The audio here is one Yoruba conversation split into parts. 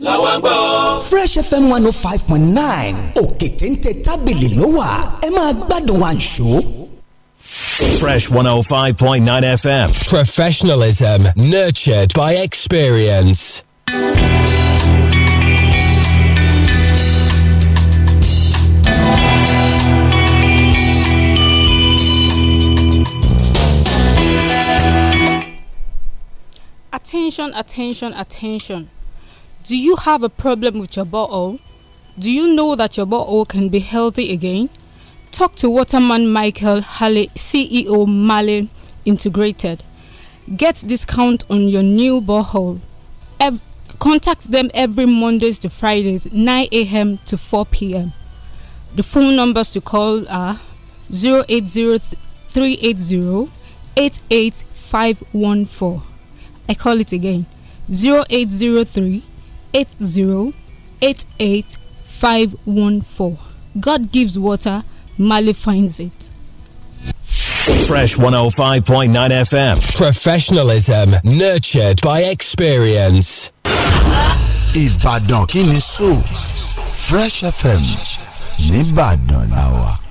làwọn gbọ́. fresh fm one oh five point nine òkè téńté tábìlì ló wà ẹ máa gbádùn àǹṣó. Fresh 105.9 FM. Professionalism nurtured by experience. Attention, attention, attention. Do you have a problem with your bottle? Do you know that your bottle can be healthy again? Talk to Waterman Michael Halley, CEO Male Integrated. Get discount on your new bottle. Ev contact them every Mondays to Fridays, 9 a.m. to 4 p.m. The phone numbers to call are 080 380 88514. I call it again 0803 8088514. God gives water, Mali finds it. Fresh 105.9 FM. Professionalism nurtured by experience. Ibadan Kinisu. Fresh FM. Nibadan Lawa.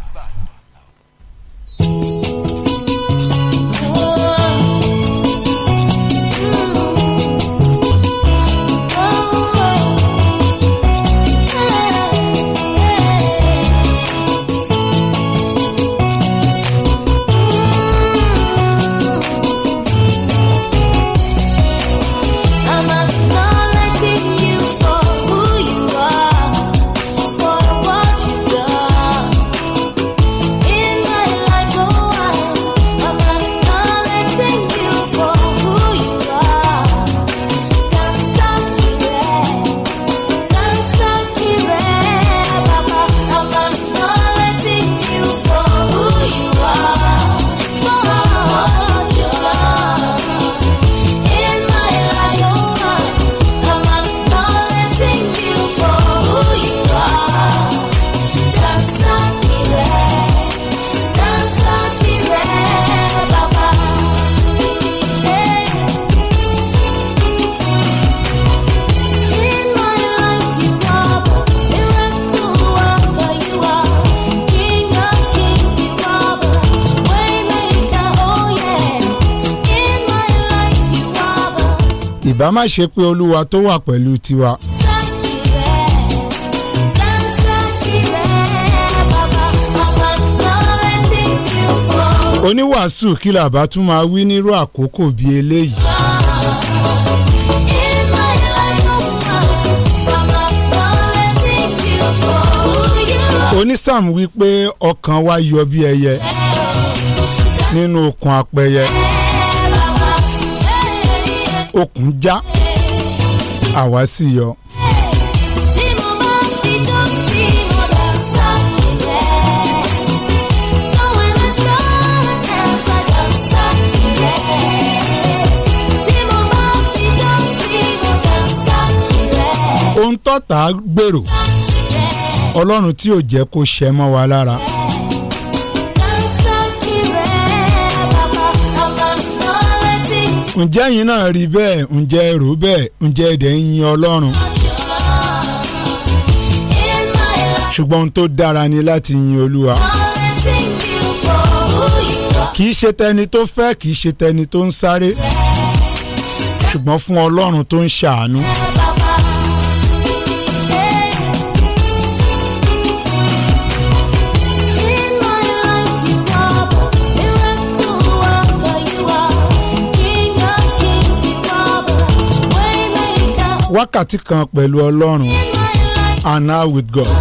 má ṣe pé olúwa tó wà pẹ̀lú tiwa. oníwàásù kí làbá tún máa wí nírú àkókò bíi eléyìí. onísàm wí ọkàn wa yọ bí ẹyẹ nínú okùn apẹyẹ okùn já àwa sì yọ. ohun tọ́ta gbèrò ọlọ́run tí ò jẹ́ kó ṣẹ mọ́ wa lára. ǹjẹ́ yín náà rí bẹ́ẹ̀ ǹjẹ́ rò bẹ́ẹ̀ ǹjẹ́ ẹ̀dẹ̀ ń yin ọlọ́run ṣùgbọ́n ohun tó dára ni láti yin olúwa kì í ṣe tẹni tó fẹ́ kì í ṣe tẹni tó ń sáré ṣùgbọ́n fún ọlọ́run tó ń ṣàánú. wákàtí kan pẹ̀lú ọlọ́run and now with God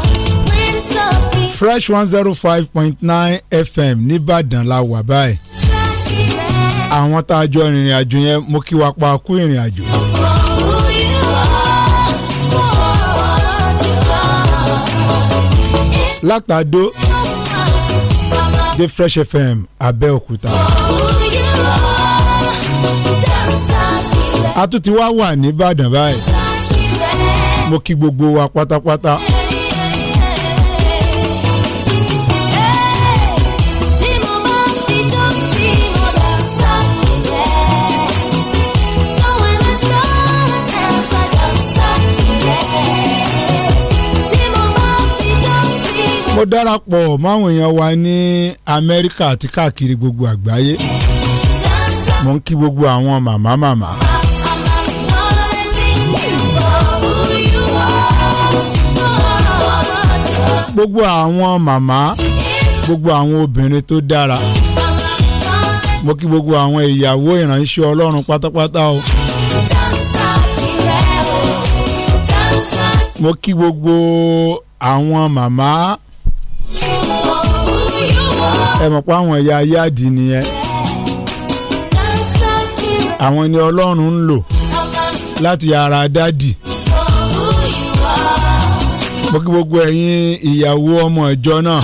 fresh one zero five point nine fm nìbàdàn la wà báyìí àwọn tá a jọ ìrìn àjò yẹn mo kí wa pa kú ìrìn àjò. látàdó dé fresh fm abẹ́òkúta. a tún ti wá wà nìbàdàn báyìí mo kí gbogbo wa pátápátá. mo darapọ̀ máwọn èèyàn wa ní Amẹ́ríkà àti káàkiri gbogbo àgbáyé mo ń kí gbogbo àwọn màmá màmá. gbogbo àwọn màmá gbogbo àwọn obìnrin tó dára mo kí gbogbo àwọn ìyàwó ìránṣẹ́ Ọlọ́run pátápátá o. mo kí gbogbo àwọn màmá ẹ mọ̀ pé àwọn ẹ̀yà yáàdì nìyẹn àwọn ni Ọlọ́run ń lò láti ara dádì mo kí gbogbo ẹ̀yin ìyàwó ọmọ ìjọ náà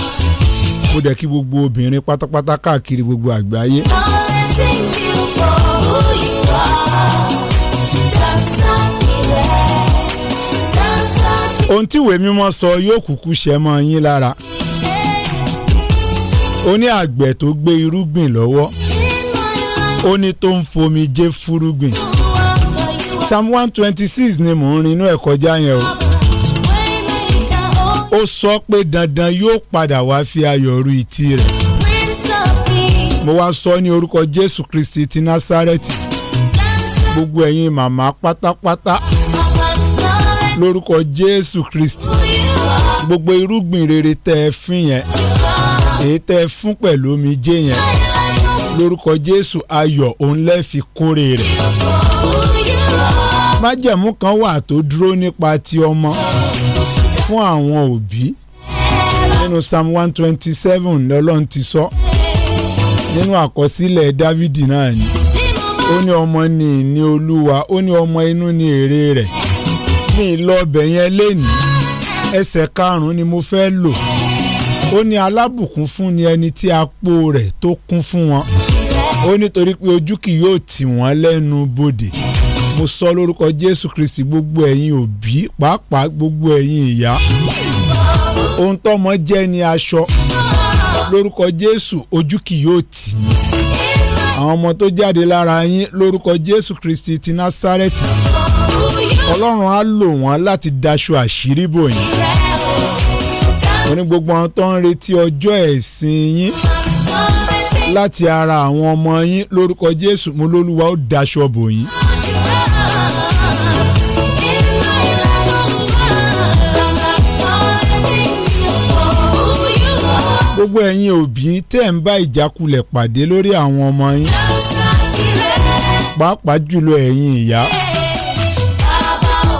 mo dẹ̀ kí gbogbo obìnrin pátápátá káàkiri gbogbo àgbáyé. ohun tí ìwé mímọ́ sọ yóò kúkú ṣẹ mọ́ yín lára ó ní àgbẹ̀ tó gbé irúgbìn lọ́wọ́ ó ní tó ń fomi jẹ́ fúrúgbìn psalm one twenty six ni mò ń rinú ẹ̀ kọjá yẹn o. ó sọ pé dandan yóò padà wá fi ayọ̀ ru ìtì rẹ̀ mo wá sọ ní orúkọ Jésù Kristi ti Násárẹ́tì gbogbo ẹ̀yin màmá pátápátá lórúkọ Jésù Kristi gbogbo irúgbìn rere tẹ ẹ fín yẹn èyí tẹ ẹ fún pẹ̀lú omijé yẹn lórúkọ Jésù ayọ̀ òun lẹ́ fi kórè rẹ̀ májẹ̀mú kan wà tó dúró nípa ti ọmọ. fún àwọn òbí nínú psalm one twenty seven lọ́lọ́run ti sọ nínú àkọsílẹ̀ dávidi náà ni ó ní ọmọ ní ìní olúwa ó ní ọmọ inú ní èrè rẹ̀ ní ìlọbẹ̀ yẹn lénìí ẹsẹ̀ karùn-ún ni mo fẹ́ lò ó ní alábùkún fún ni ẹni tí apò rẹ̀ tó kún fún wọn ó nítorí pé ojú kì yóò tì wọ́n lẹ́nu bodè mo sọ lórúkọ Jésù Kristi gbogbo ẹ̀yin òbí pàápàá gbogbo ẹ̀yin ìyá ohun tọ́mọ jẹ́ ni aṣọ lórúkọ Jésù ojú kì yóò tì àwọn ọmọ tó jáde lára yín lórúkọ Jésù Kristi ti Násárẹ́tì Ọlọ́run á lò wọ́n láti daṣọ àṣírí bò yín mo gbogbo àwọn tó ń retí ọjọ́ ẹ̀sìn yín láti ara àwọn ọmọ yín lórúkọ Jésù mo lólúwa ó daṣọ bò yín gbogbo ẹ̀yin òbí tẹ́ ń bá ìjákulẹ̀ pàdé lórí àwọn ọmọ yín pàápàá jùlọ ẹ̀yin ìyá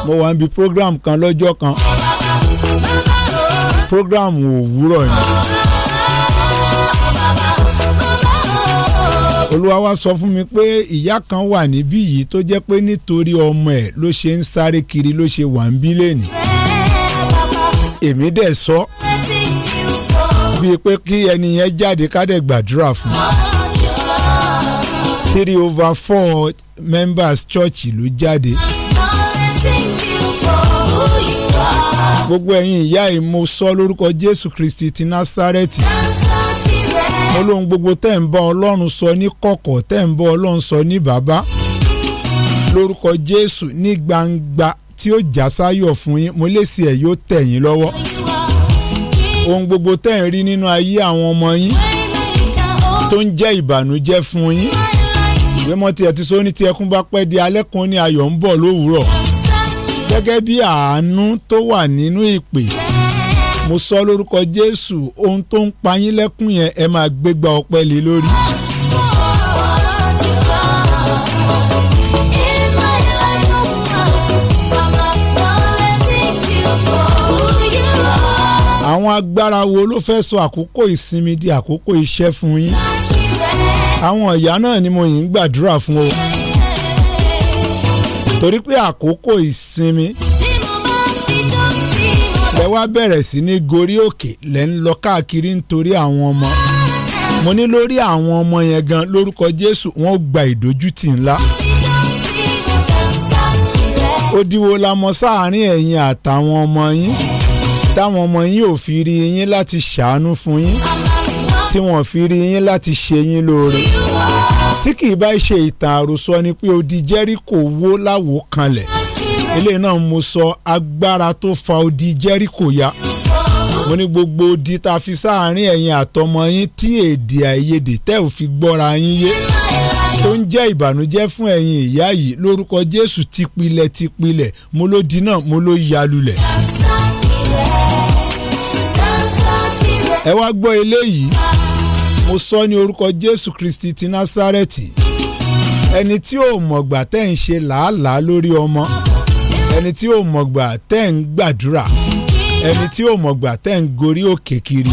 mo wà níbi program kan lọ́jọ́ kan program òwúrọ̀ ni. olúwa wa sọ fún mi pé ìyá kan wà níbí yìí tó jẹ́ pé nítorí ọmọ ẹ̀ ló ṣe ń sáré kiri ló ṣe wà ń bí èmi dẹ̀ sọ bíi pé kí ẹni yẹn jáde ká gbàdúrà fún three over four members church ló jáde gbogbo ẹ̀yin ìyá yìí mo sọ lórúkọ Jésù Kristi ti Násárẹ́tì olóhun gbogbo tẹ́ ń bá ọlọ́run sọ ní kọ̀kọ̀ tẹ́ ń bá ọlọ́run sọ ní bàbá lórúkọ jésù ní gbangba tí ó já sáyọ̀ fún yín mo lè sí ẹ̀ yóò tẹ̀ yín lọ́wọ́ ohun gbogbo tẹ́ ń rí nínú ayé àwọn ọmọ yín tó ń jẹ́ ìbànújẹ́ fún yín ìwé mọ́ tiẹ̀ ti sọ ní tí ẹkún bá pẹ́ di alẹ́ kan ní ayọ̀ ń bọ̀ lówùúrọ̀ gẹ́gẹ́ bí àánú tó wà nínú ìpè mo sọ lórúkọ Jésù ohun tó ń pa yín yẹn ẹ máa gbégbá ọpẹ́ lé lórí. àwọn agbára wo ló fẹ́ sọ àkókò ìsinmi di àkókò iṣẹ́ fún yín àwọn ìyá náà ni mo yìí ń gbàdúrà fún o torí pé àkókò ìsinmi lẹ wá bẹ̀rẹ̀ sí ní gorí òkè lẹ ń lọ káàkiri nítorí àwọn ọmọ mo ní lórí àwọn ọmọ yẹn gan lórúkọ Jésù wọ́n gba ìdójútì ńlá odiwo la mọ sáàárín ẹ̀yin àtàwọn ọmọ yín táwọn ọmọ yín ò fi rí yín láti ṣàánú fún yín tí wọ́n fi rí yín láti ṣe yín lóore tí kì í bá ṣe ìtàn àròsọ ni pé odi Jẹ́ríkò wó láwo kanlẹ̀ eléyìí náà mo sọ agbára tó fa odi Jẹ́ríkò ya mo ní gbogbo odi ta fi sáàárín ẹ̀yin àtọmọ yín tí èdè àìyedè tẹ́ ò fi gbọ́ra yín yé tó ń jẹ́ ìbànújẹ́ fún ẹ̀yin ìyá yìí lórúkọ Jésù tipilẹ̀ tipilẹ̀ mo ló di náà mo ló ya lulẹ̀. ẹ wá gbọ́ eléyìí mo sọ ní orúkọ Jésù Kristi ti Násárẹ́tì ẹni tí ò mọ̀gbà tẹ́ ń ṣe làálàá lórí ọmọ ẹni tí ò mọ̀gbà tẹ́ ń gbàdúrà ẹni tí ò mọ̀gbà tẹ́ ń gorí òkè kiri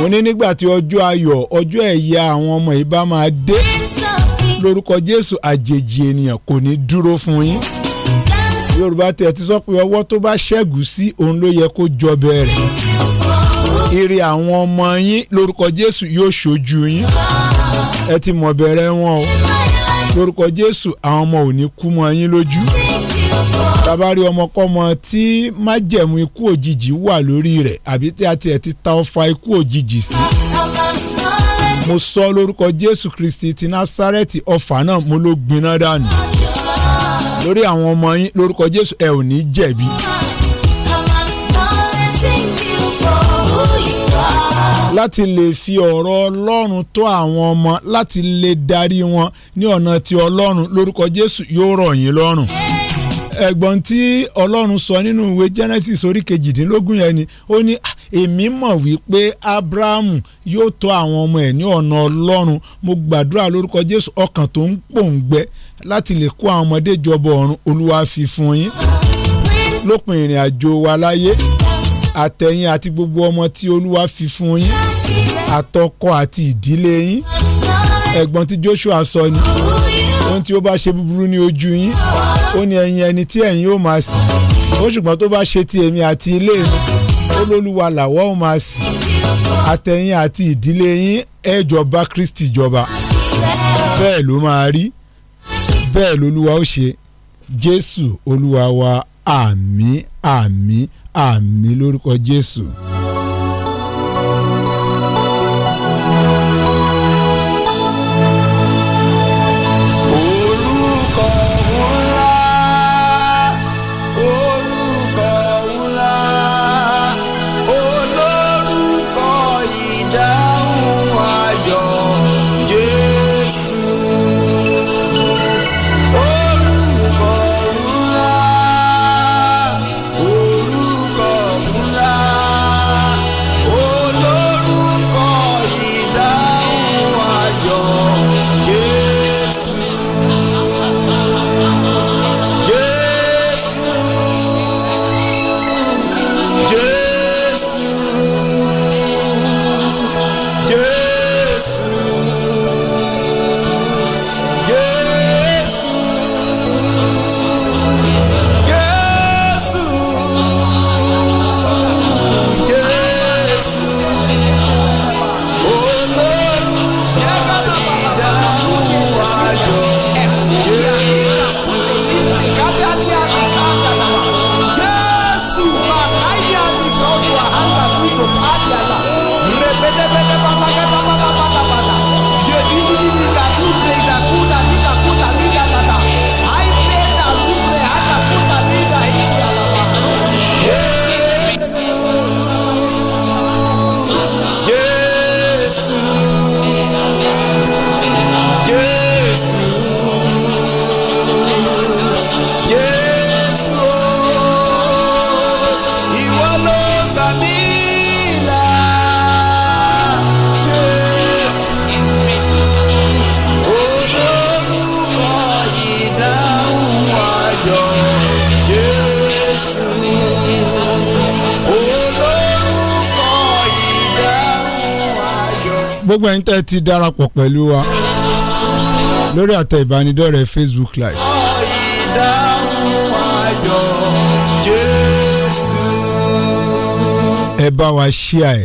mo ní nígbà tí ọjọ́ ayọ̀ ọjọ́ ẹ̀yà àwọn ọmọ yìí bá máa dé lórúkọ Jésù àjèjì ènìyàn kò ní dúró fún yín Yorùbá tẹ̀ ti sọ pé ọwọ́ tó bá ṣẹ́gun sí òun ló yẹ kó jọbẹ rẹ̀ ire àwọn ọmọ yín lórúkọ Jésù yóò ṣojú yín ẹ ti mọ̀ bẹ̀rẹ̀ wọn o lórúkọ Jésù àwọn ọmọ ò ní kú mọ́ yín lójú tabari ọmọkọ́mọ tí májẹ̀mú ikú òjijì wà lórí rẹ̀ àbí tí a tiẹ̀ ti ta ọfà ikú òjijì sí. mo sọ lórúkọ Jésù Kristi ti Násárẹ́tì ọfà náà mo ló gbiná dànù lórí àwọn ọmọ yín lórúkọ Jésù ẹ ò ní jẹ̀bi. láti lè fi ọ̀rọ̀ ọlọ́run tó àwọn ọmọ láti lè darí wọn ní ọ̀nà ti ọlọ́run lórúkọ Jésù yóò rọ̀ yín lọ́rùn. Yeah ẹ̀gbọ́n tí ọlọ́run sọ nínú ìwé Genesis orí kejìdínlógún yẹn ni ó ní ah, èmi mọ̀ wípé Abrahamu yóò tọ́ àwọn ọmọ ẹ̀ ní ọ̀nà ọlọ́run mo gbàdúrà lórúkọ Jésù ọkàn tó ń pòǹgbẹ láti lè kó àwọn ọmọdé jọbọ ọ̀run Olúwa fi fún yín lópin ìrìn àjò wa láyé àtẹ̀yìn àti gbogbo ọmọ tí Olúwa fi fún yín àtọkọ àti ìdílé yín ẹ̀gbọ́n tí Joshua sọ ni ohun tí ó bá ṣe búburú ní ojú yín ó ní ẹ̀yin ẹni tí ẹ̀yin ó máa sìn ó ṣùgbọ́n tó bá ṣe ti èmi àti ilé mi ó lólúwa làwọ́ ó máa sìn àtẹ̀yìn àti ìdílé yín ẹ Kristi jọba bẹ́ẹ̀ ló máa rí bẹ́ẹ̀ lolúwa ó ṣe Jésù olúwa wa àmín àmín àmín lórúkọ Jésù. ti darapọ̀ pẹ̀lú wa lórí àtẹ ìbánidọ́rẹ̀ẹ́ Facebook live. ẹ bá wa ṣíà ẹ.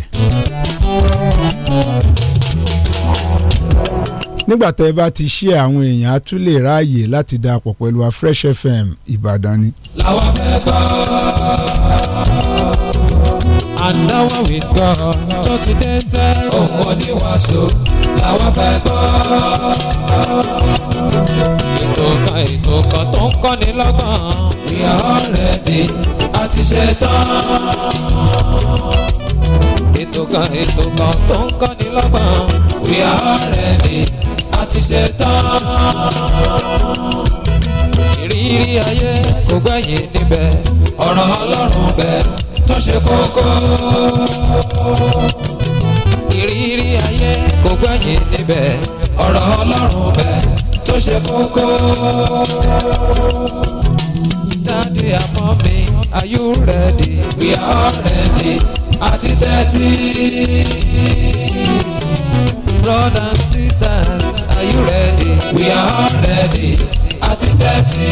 nígbà tẹ́ ẹ bá ti ṣí àwọn èèyàn á tún lè ráàyè láti darapọ̀ pẹ̀lú wa Fresh FM Ìbàdàn ni. làwọn fẹ́ gbọ́ and with God. Tó ti Òun oníwàásù làwọn fẹ́ gbọ́. Ètò kan ètò kan tó ń kọ́ni lọ́gbọ̀n. We are already a ti ṣe tán. Ètò kan ètò kan tó ń kọ́ni lọ́gbọ̀n. We are already a ti ṣe tán ìrírí ayé kò gbẹ̀yìn níbẹ̀ ọ̀rọ̀ ọlọ́run bẹ̀ tó ṣe kókó. ìrírí ayé kò gbẹ̀yìn níbẹ̀ ọ̀rọ̀ ọlọ́run bẹ̀ tó ṣe kókó. dáàdi àmọ́ mi are you ready? we are ready àti tẹ́tí. brothers and sisters are you ready? we are ready àti tẹ́tí.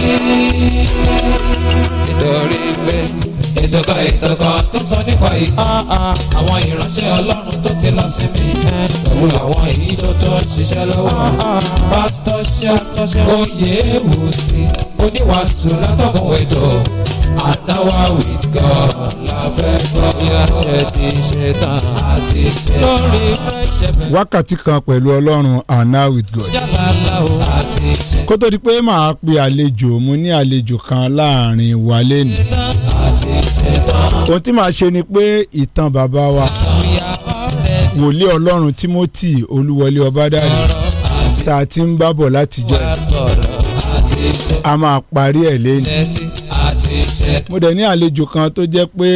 nítorí pé ìjọba ìtọ́kọ tó sọ nípa ìhá àwọn ìránṣẹ́ ọlọ́run tó ti lọ sí mi pẹ̀lú àwọn ìjọ tó ń ṣiṣẹ́ lọ́wọ́ pásítọ̀ ṣe oyè wò sí oníwàásù látọ̀kùn ètò àdáwà with God gbọ́ bí a ṣe ti ṣe tán àti ṣe lórí wákàtí kan pẹ̀lú ọlọ́run àná with God. kó tó di pé màá pe àlejò mo ní àlejò kan láàrin wa lẹ́nu ohun tí màá ṣe ni pé ìtàn bàbá wa wòlíì ọlọ́run Timothy Olúwọlé Ọbádàrẹ tá a ti ń bá bọ̀ látijọ́ a máa parí ẹ̀ lẹ́nu mo dẹ̀ ní àlejò kan tó jẹ́ pé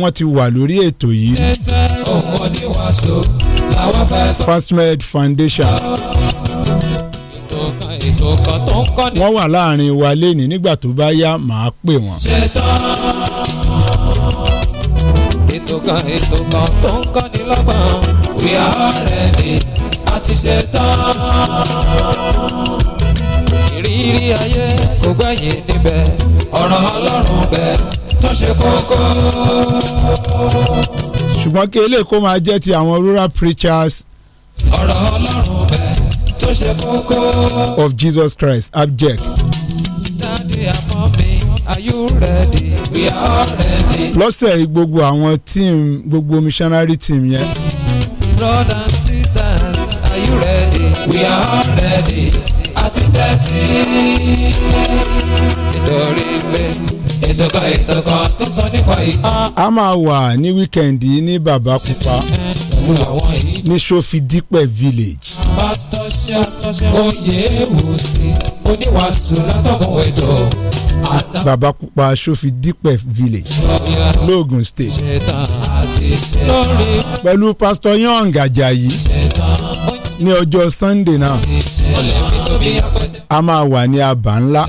wọ́n ti wà lórí ètò yìí Fastmed Foundation wọ́n wà láàrin wa lẹ́ni nígbà tó bá yá màá pè wọ́n kan ètò kan tó ń kọ́ni lọ́gbọ̀n we are ready àti ṣetán. ìrírí ayé kò gbẹ̀yìn níbẹ̀ ọ̀rọ̀ ọlọ́run bẹ̀ tó ṣe kókó. ṣùgbọ́n kí eléyìí kó máa jẹ́ ti àwọn rural preachers. ọ̀rọ̀ ọlọ́run bẹ̀ tó ṣe kókó. of Jesus Christ abject. dáàdi àmọ́ mi. Are you ready? We are ready. lọ́sẹ̀ yìí gbogbo àwọn team, gbogbo missionary team yẹn. brother and sisters are you ready? We are ready. àti tẹ́tí. nítorí pé ìtọ́kọ ìtọ́kọ tó sọ nípa ìhà. a máa wà ní wíkẹ̀ndì ní Bàbákúpa òun làwọn èyí. ní sọfidípẹ̀ village. pásítọ̀ ṣàtọ̀ṣẹ́ oyè wòsí oníwàásù látọ̀kùn ẹ̀dọ̀. bàbá pupa sọfidípẹ̀ village logun state. pẹ̀lú pásítọ̀ young ajayi ní ọjọ́ sunday náà a máa wà ní abà ńlá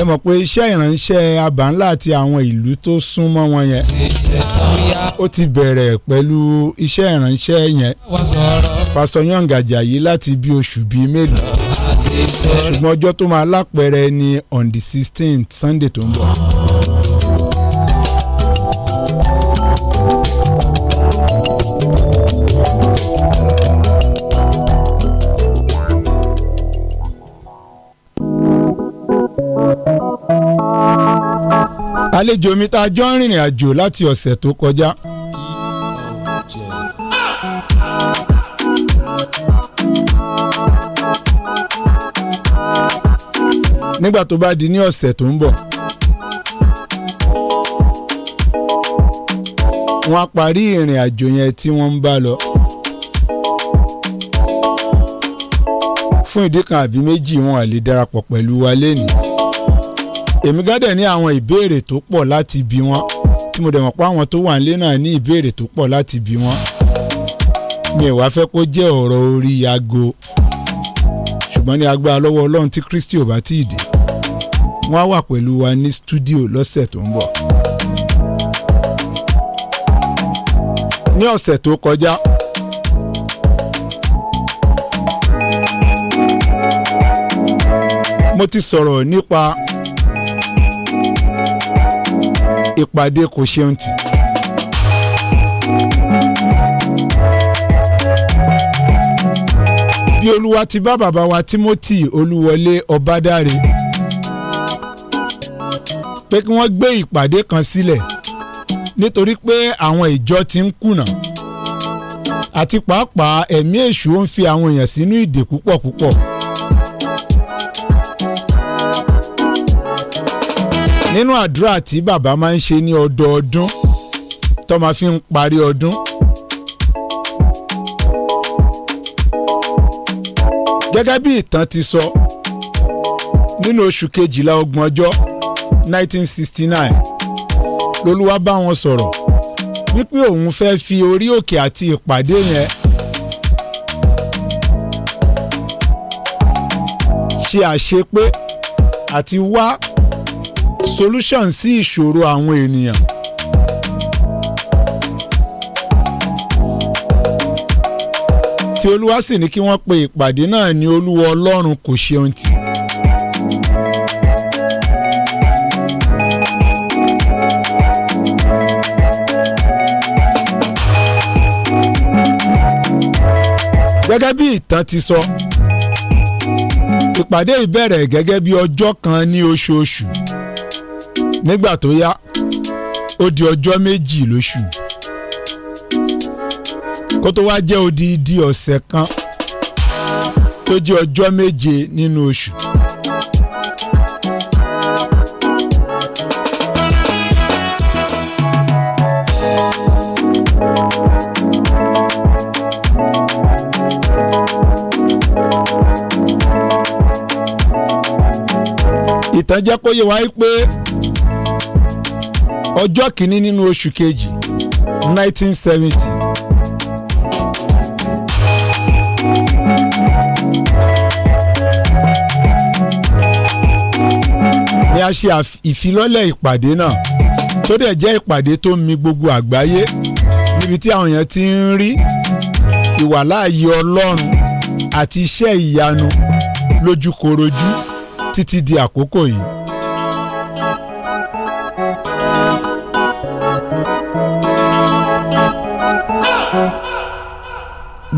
ẹ mọ̀ pé iṣẹ́ ìránṣẹ́ àbáńlá àti àwọn ìlú tó súnmọ́ wọn yẹn ó ti bẹ̀rẹ̀ pẹ̀lú iṣẹ́ ìránṣẹ́ yẹn pásọ yọ̀ǹgà jàyí láti bí oṣù bíi mélòó ṣùgbọ́n ọjọ́ tó máa lápẹẹrẹ ni on the sixteenth sunday tó ń bọ̀. àlejò mi tá a jọ ń rìnrìn àjò láti ọ̀sẹ̀ tó kọjá. nígbà tó bá di ní ọ̀sẹ̀ tó ń bọ̀ wọ́n á parí ìrìn àjò yẹn tí wọ́n ń bá lọ. fún ìdí kan àbí méjì wọn à lè darapọ̀ pẹ̀lú wa lénìí èmi gádẹ̀ ní àwọn ìbéèrè tó pọ̀ láti bi wọ́n tí mo dẹ̀ mọ̀ pé àwọn tó wà nílé náà ní ìbéèrè tó pọ̀ láti bi wọ́n mi ò wá fẹ́ kó jẹ́ ọ̀rọ̀ orí aago ṣùgbọ́n ní agbára lọ́wọ́ ọlọ́run tí kristi ò bá tí ì dé wọ́n á wà pẹ̀lú wa ní stúdíò lọ́sẹ̀ tó ń bọ̀. ní ọ̀sẹ̀ tó kọjá mo ti sọ̀rọ̀ nípa ìpàdé kò ṣeun tì. bí olúwa ti bá bàbá wa Timothy Olúwọlé Ọbádáre pé kí wọ́n gbé ìpàdé kan sílẹ̀ nítorí pé àwọn ìjọ ti ń kùnà àti pàápàá ẹ̀mí èṣù ń fi àwọn èèyàn sínú ìdè púpọ̀ púpọ̀. nínú àdúrà tí bàbá máa ń ṣe ní ọdọọdún tó máa fi ń parí ọdún. gẹ́gẹ́ bí ìtàn ti sọ nínú oṣù kejìlá ọgbọ̀n ọjọ́ 1969 lolúwa bá wọn sọ̀rọ̀ wípé òun fẹ́ fi orí òkè àti ìpàdé yẹn ṣe àṣepé àti wá solution sí ìṣòro àwọn ènìyàn. tí olúwa sì ní kí wọ́n pe ìpàdé náà ní olúwa ọlọ́run kò ṣeun tì. gẹ́gẹ́ bí ìtàn ti sọ ìpàdé ìbẹ̀rẹ̀ gẹ́gẹ́ bí ọjọ́ kan ní oṣooṣù nígbà tó yá ó di ọjọ́ méjì lóṣù kó tó wá jẹ́ odidi ọ̀sẹ̀ kan tó jẹ́ ọjọ́ méje nínú oṣù. ìtàn jẹ́ kó yé wa pé ọjọ́ kìíní nínú oṣù kejì nineteen seventy. ni a ṣe ìfilọ́lẹ̀ ìpàdé náà tó dẹ̀ jẹ́ ìpàdé tó ń mi gbogbo àgbáyé níbi tí àwọn èèyàn ti ń rí ìwàláàyè Ọlọ́run àti iṣẹ́ ìyanu lójúkorojú títí di àkókò yìí.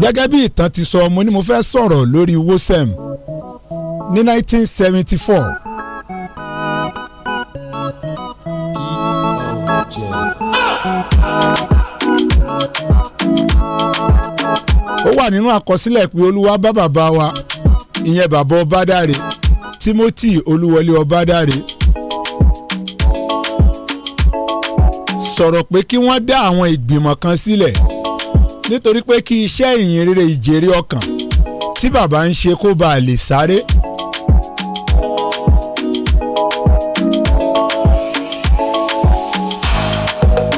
gẹ́gẹ́ bí ìtàn ti sọ mo ní mo fẹ́ sọ̀rọ̀ lórí WOSEM ní 1974. ó wà nínú àkọsílẹ̀ pé olúwa bá bàbá wa ìyẹn bàbá ọbádàre Timothy olúwọlé ọbádàre sọ̀rọ̀ pé kí wọ́n dá àwọn ìgbìmọ̀ kan sílẹ̀. Si nítorí pé kí iṣẹ́ ìyìn rere ìjèrè ọkàn tí bàbá ń ṣe kó bàa lè sáré.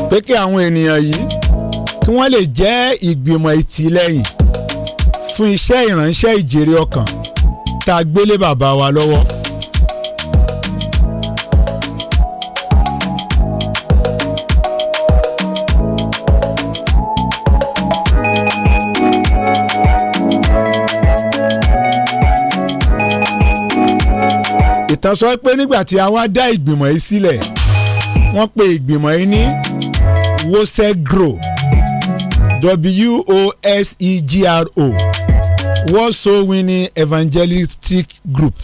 pé kí àwọn ènìyàn yìí kí wọ́n lè jẹ́ ìgbìmọ̀ ìtìlẹ́yìn fún iṣẹ́ ìránṣẹ́ ìjèrè ọkàn tá a gbélé bàbá wa lọ́wọ́. ìtàn sọ pé nígbà tí a wá dá ìgbìmọ̀ yìí sílẹ̀ wọ́n pe ìgbìmọ̀ yìí ní wosegro w-o-s-e-g-r-o Warsaw Winning Evangelistic Group.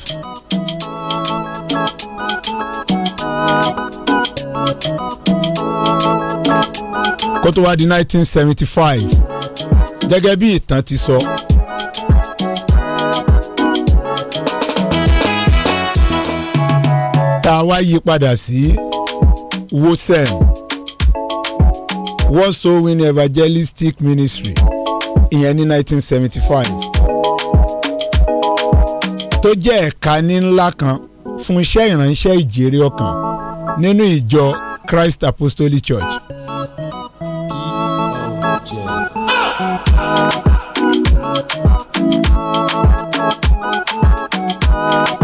kó tó wá di 1975 gẹ́gẹ́ bí ìtàn ti sọ. So tá a wá yí padà sí wosen world win evangelistic ministry ìyẹn ní 1975 tó jẹ́ ẹ̀ka ní ńlá kan fún iṣẹ́ ìránṣẹ́ ìjèrè ọkàn nínú ìjọ Christ Apostolic Church. POJ.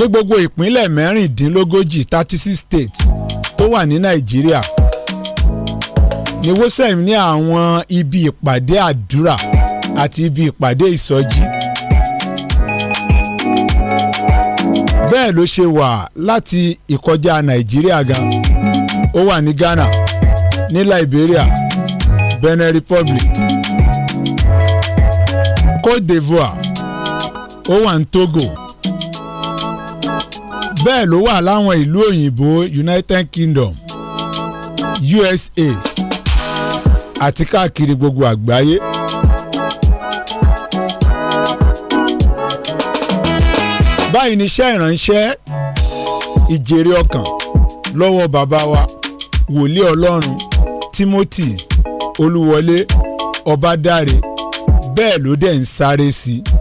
ní gbogbo ìpínlẹ̀ mẹ́rìndínlógójì thirty six states tó wà ní nàìjíríà ni wosem ní àwọn ibi ìpàdé àdúrà àti ibi ìpàdé ìsọjí. bẹ́ẹ̀ ló ṣe wà láti ìkọjá nàìjíríà gan ó wà ní ghana ní liberia benin republic cote d'ivoire ó wà ní togo bẹ́ẹ̀ ló wà láwọn ìlú òyìnbó United Kingdom USA àti káàkiri gbogbo àgbáyé. báyìí ni iṣẹ́ ìránṣẹ́ ìjèrè ọkàn lọ́wọ́ bàbá wa wòlíì ọlọ́run Timothy Olúwọlé Ọbádáre bẹ́ẹ̀ ló dẹ̀ ń sáré sí i.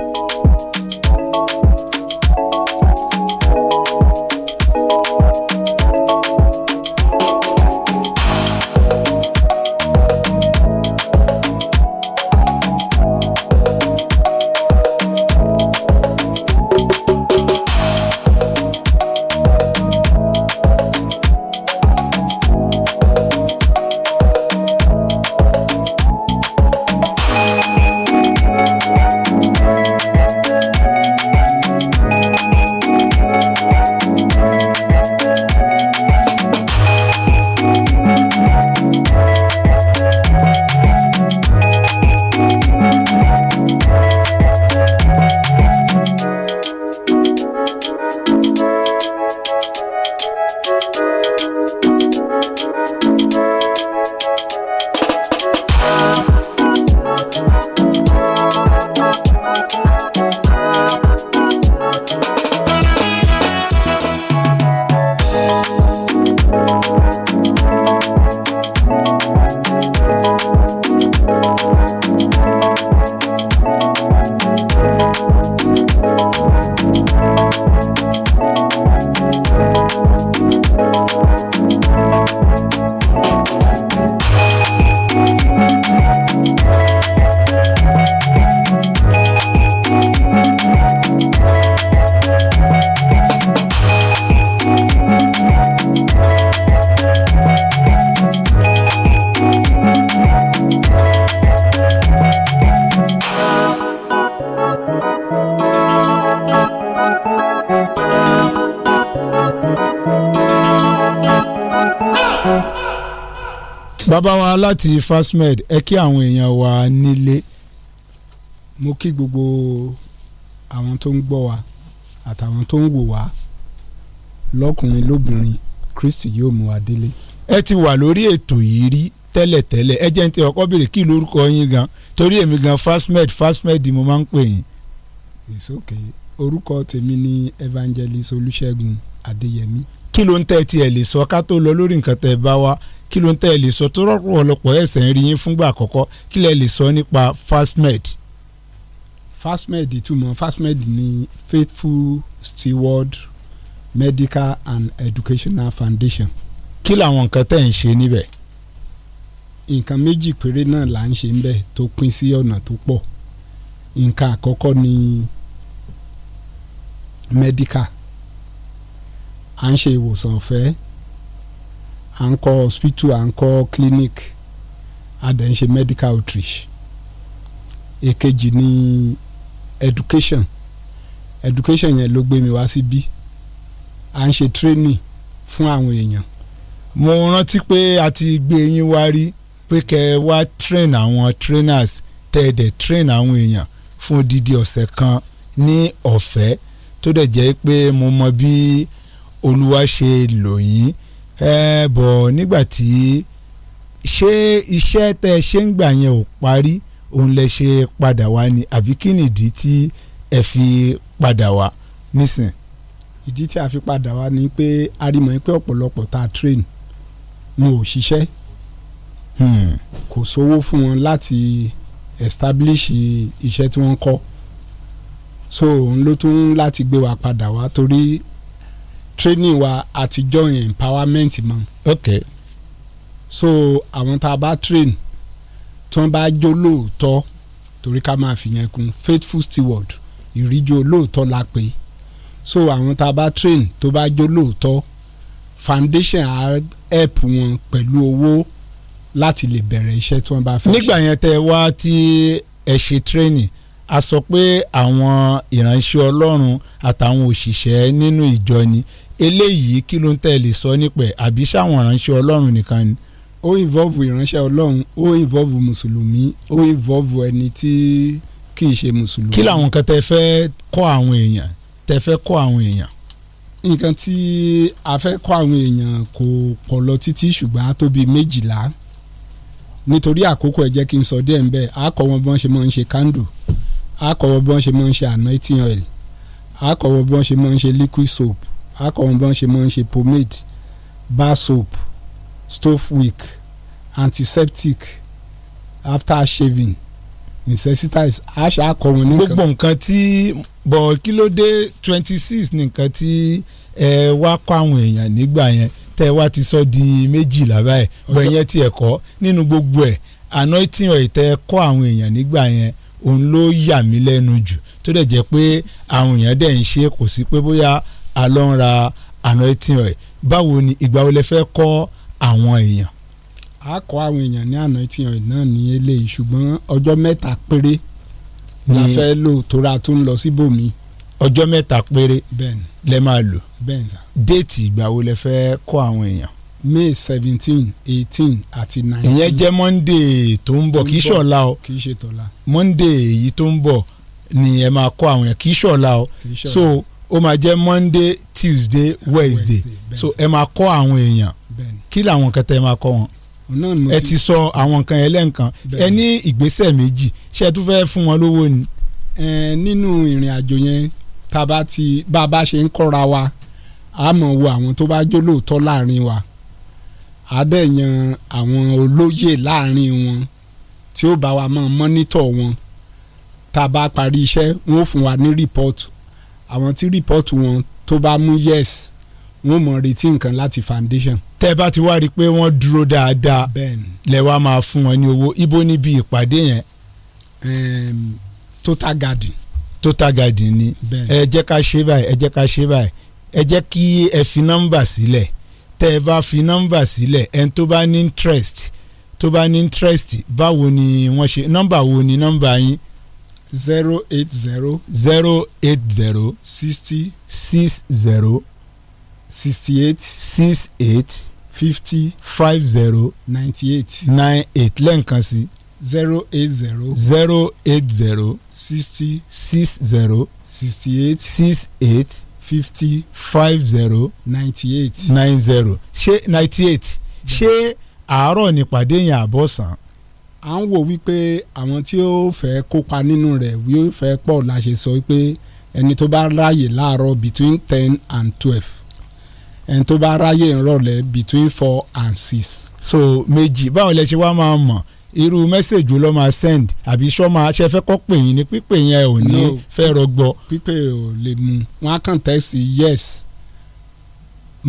láti FASTMED ẹ kí àwọn èèyàn wa nílé. mo kí gbogbo àwọn tó ń gbọ́ wa àtàwọn tó ń wò wá lọ́kùnrin lóbìnrin Kristi yóò mú wa délé. ẹ ti wà lórí ètò yìí rí tẹ́lẹ̀tẹ́lẹ̀ ẹ jẹ́ ń tẹ ọkọ béèrè kí lórúkọ yín gan torí èmi gan FASTMED FASTMED mo máa ń pè yín. it's okay orúkọ tèmi ni Evangelist Olúṣẹ́gun Adéyẹmí. kí ló ń tẹ́ tiẹ̀ lè sọ ká tó lọ lórí nǹkan tẹ́ ẹ bá wa kí ló ń tẹ́ ẹ lè sọ tó rọ́pò ọ̀lọ́pọ̀ ẹ̀sẹ̀ ń rí yín fúngbà àkọ́kọ́ kí lẹ lè sọ nípa fastmed. fastmed ìtumọ̀ fastmed ni faithful steward medical and educational foundation. kí làwọn nǹkan tẹ́ ń ṣe níbẹ̀. nǹkan méjì péré náà là ń ṣe níbẹ̀ tó pín sí ọ̀nà tó pọ̀ nǹkan àkọ́kọ́ ni medical à ń ṣe ìwòsàn ọ̀fẹ́ à ń kọ́ hospital à ń kọ́ clinic a dẹ̀ ń ṣe medical outreach èkejì ni education education yẹn ló gbé mi wá síbí à ń ṣe training fún àwọn èèyàn. mo rántí pé a ti gbé yín wá rí pé kẹ́ ẹ wá train àwọn trainers tẹ́ ẹ dẹ̀ train àwọn èèyàn fún odidi ọ̀sẹ̀ kan ní ọ̀fẹ́ tó dẹ̀ jẹ́ pé mo mọ bí olúwa ṣe lò yín ẹ bọ̀ nígbà tí ṣé iṣẹ́ tẹ́ ẹ ṣe ń gbà yẹn ò parí òun lẹ ṣe padà wá ni àbí kí nìdí tí ẹ fi padà wá nísìn. ìdí tí a fi padà wá ni pé a rí mọ̀ pé ọ̀pọ̀lọpọ̀ tá a train wọn ò ṣiṣẹ́ hmm. kò sówó fún wọn láti establish iṣẹ́ tí wọ́n kọ́ so òun ló tún láti gbé wa padà wá torí training wa àtijọ́ yẹn empowerment mọ́. ok. so àwọn tá a bá train tí wọ́n bá jó lóòótọ́ torí ká máa fìyẹn kún faithful steward ìríjú olóòótọ́ la pè so àwọn tá a bá train tó bá jó lóòótọ́ foundation á help wọn pẹ̀lú owó láti lè bẹ̀rẹ̀ iṣẹ́ tí wọ́n bá fẹ́ ṣe. nígbà yẹn tẹ wá tí ẹ ṣe training a sọ pé àwọn ìránṣẹ́ ọlọ́run àtàwọn òṣìṣẹ́ nínú ìjọ ni eléyìí kí ló ń tẹ̀lé sọ nípa ẹ̀ àbí sáwọn ìránṣẹ́ ọlọ́run nìkan ni ó involve ìránṣẹ́ ọlọ́run ó involve mùsùlùmí ó involve ẹni tí kì í ṣe mùsùlùmí. kí làwọn kan tẹ fẹ́ kọ́ àwọn èèyàn tẹ fẹ́ kọ́ àwọn èèyàn. nǹkan tí a fẹ́ kọ́ àwọn èèyàn kò pọ̀ lọ títí ṣùgbọ́n á tóbi méjìlá nítorí àkókò ẹ̀ jẹ́ kí n sọ díẹ̀ ńbẹ́ a kọ́ wọn bọ́n ṣe máa ń ṣe candle a kọ́ wọn bọ́n ṣe máa ń ṣe anointing oil a kọ́ wọn bọ́n ṣe máa ń ṣe liquid soap akọ̀wọ́n bọ́n ṣe mọ́ ń ṣe pomade bar soap stove wick antiseptic after shaving insecticides aṣa akọ̀wọ́n nìkan. gbogbo nǹkan tí bọ̀ kí ló dé twenty six nìkan tí ẹ wá kọ́ àwọn èèyàn nígbà yẹn tẹ́ ẹ wá ti sọ di méjìlá báyìí bọ̀ yẹn ti ẹ̀kọ́ nínú gbogbo ẹ̀ anointing oil tẹ́ ẹ kọ́ àwọn èèyàn nígbà yẹn òun ló yà mí lẹ́nu jù tó dẹ̀ jẹ́ pé àwọn èèyàn dẹ̀ ń ṣe kò sí pé bóyá alọ́ ń ra anointing oil báwo ni ìgbà wo lẹ fẹ́ kọ́ àwọn èèyàn. a kọ àwọn èèyàn ní anointing oil náà ní eléyìí ṣùgbọ́n ọjọ́ mẹ́ta péré la fẹ́ lò tóra tó ń lọ síbòmí. ọjọ́ mẹ́ta péré lẹ máa lò déètì ìgbà wo lẹ fẹ́ kọ́ àwọn èèyàn may seventeen eighteen àti nineteen. ìyẹn jẹ́ monday tó ń bọ̀ kì í ṣọ̀la o kì í ṣe tọ̀la. monday èyí tó ń bọ̀ ni ẹ máa kọ́ àwọn yẹn kì í ṣọ̀la o so ó máa jẹ́ monday tuesday wednesday so ẹ máa kọ́ àwọn èèyàn kí làwọn kẹtẹ ẹ máa kọ́ wọn ẹ ti sọ àwọn nǹkan ẹlẹ́nkan ẹ ní ìgbésẹ̀ méjì ṣé ẹ tún fẹ́ fún wọn lówó ni. nínú ìrìn àjò yẹn tá bá ti bá a bá ṣe ń kọ́ra wa a mọ̀ wo àwọn tó bá jó lóòótọ́ láàrin wa a dẹ̀ yan àwọn olóyè láàrin wọn tí ó bá wa máa mọ́nítọ̀ wọn tá a bá parí iṣẹ́ wọn ó fún wa ní rìpọ́ọ̀tù àwọn tí rìpọ́ọ̀tù wọn tó bá mú yes wọn mọ̀ retí nǹkan láti foundation. tẹ́ ẹ bá ti wá rí i pé wọ́n dúró dáadáa lẹ́wà máa fún wọn ní owó ibo níbi ìpàdé yẹn. Um, total garden. total garden ni ẹ jẹ́ ká ṣe báyìí ẹ jẹ́ ká ṣe báyìí ẹ jẹ́ kí ẹ fi nọ́mbà sílẹ̀ tẹ́ ẹ bá fi nọ́mbà sílẹ̀ ẹni tó bá ní interest tó bá ní interest báwo ni wọ́n ṣe nọ́mbà wo ni nọ́mbà yín zero eight zero. zero eight zero. sixty. six zero. sixty eight. six eight. fifty. five zero. ninety eight. nine eight lẹ́ǹkan sí. zero eight zero. zero eight zero. sixty. six zero. sixty eight. six eight. fifty. five zero. ninety eight. nine zero. ṣé ninety eight ṣé àárọ̀ nípàdé yẹn àbọ̀sán à ń wò wípé àwọn tí ó fẹ́ kópa nínú rẹ̀ yóò fẹ́ pọ̀ la sọ pé ẹni tó bá ráyè láàárọ̀ between ten and twelve ẹni tó bá ráyè ńrọ̀lẹ́ between four and six. so méjì báwo lẹ ṣe wá máa mọ̀ irú mẹ́sẹ̀jì ló máa send àbí sọ́mà ṣe fẹ́ kọ́ pè yín ni pípè yẹn ò ní fẹ́ rọgbọ. pípè ò lè mu wọn kàn tẹ́sí yes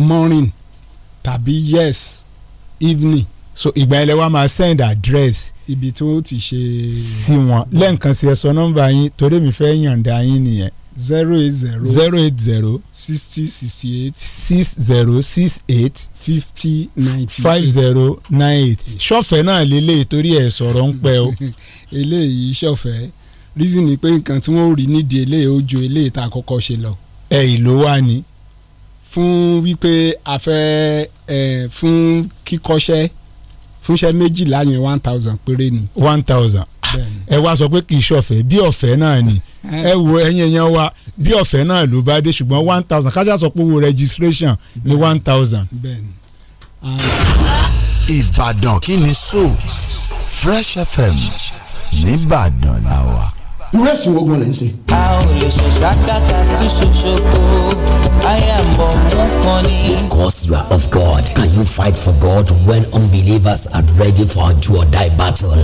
morning tàbí yes evening so ìgbà yẹn lẹ wá máa send address ibi tó ti ṣe. sí wọn lẹ́ǹkan sí ẹ sọ nọ́mbà yín torí mi fẹ́ yàǹda yín nìyẹn. zero eight zero zero eight zero sixty sixty eight six zero six eight fifty ninety five zero nine eight ṣọ̀fẹ́ náà lélẹ̀ torí ẹ̀ sọ̀rọ̀ ń pẹ́ o. eléyìí ṣọ̀fẹ́ reason ni pé nǹkan tí wọ́n rí nídìí eléyìí ó ju eléyìí tá a kọ́kọ́ ṣe lọ. ẹ ìlú wa ni. fún wípé a fẹ́ ẹ fún kíkọ́ṣẹ́ fúnṣẹ́ méjìlá yẹn one thousand péré ni. one thousand ẹ wá sọ pé kì í ṣọ̀fẹ́ bí ọ̀fẹ́ náà ni eh. ẹ wo ẹyin ẹyàn wa bí ọ̀fẹ́ náà ló bá dé ṣùgbọ́n one thousand kájà sọ pé owó registration ni one thousand. Ìbàdàn kí ni so Fresh FM nìbàdàn làwà. ìrẹsùn ogun lẹ a ò lè ṣe ṣàkàtà tí ṣoṣoko àyà mọ̀ mú kan ní. Because you are of God, can you fight for God when unbelievers are ready for a do or die battle?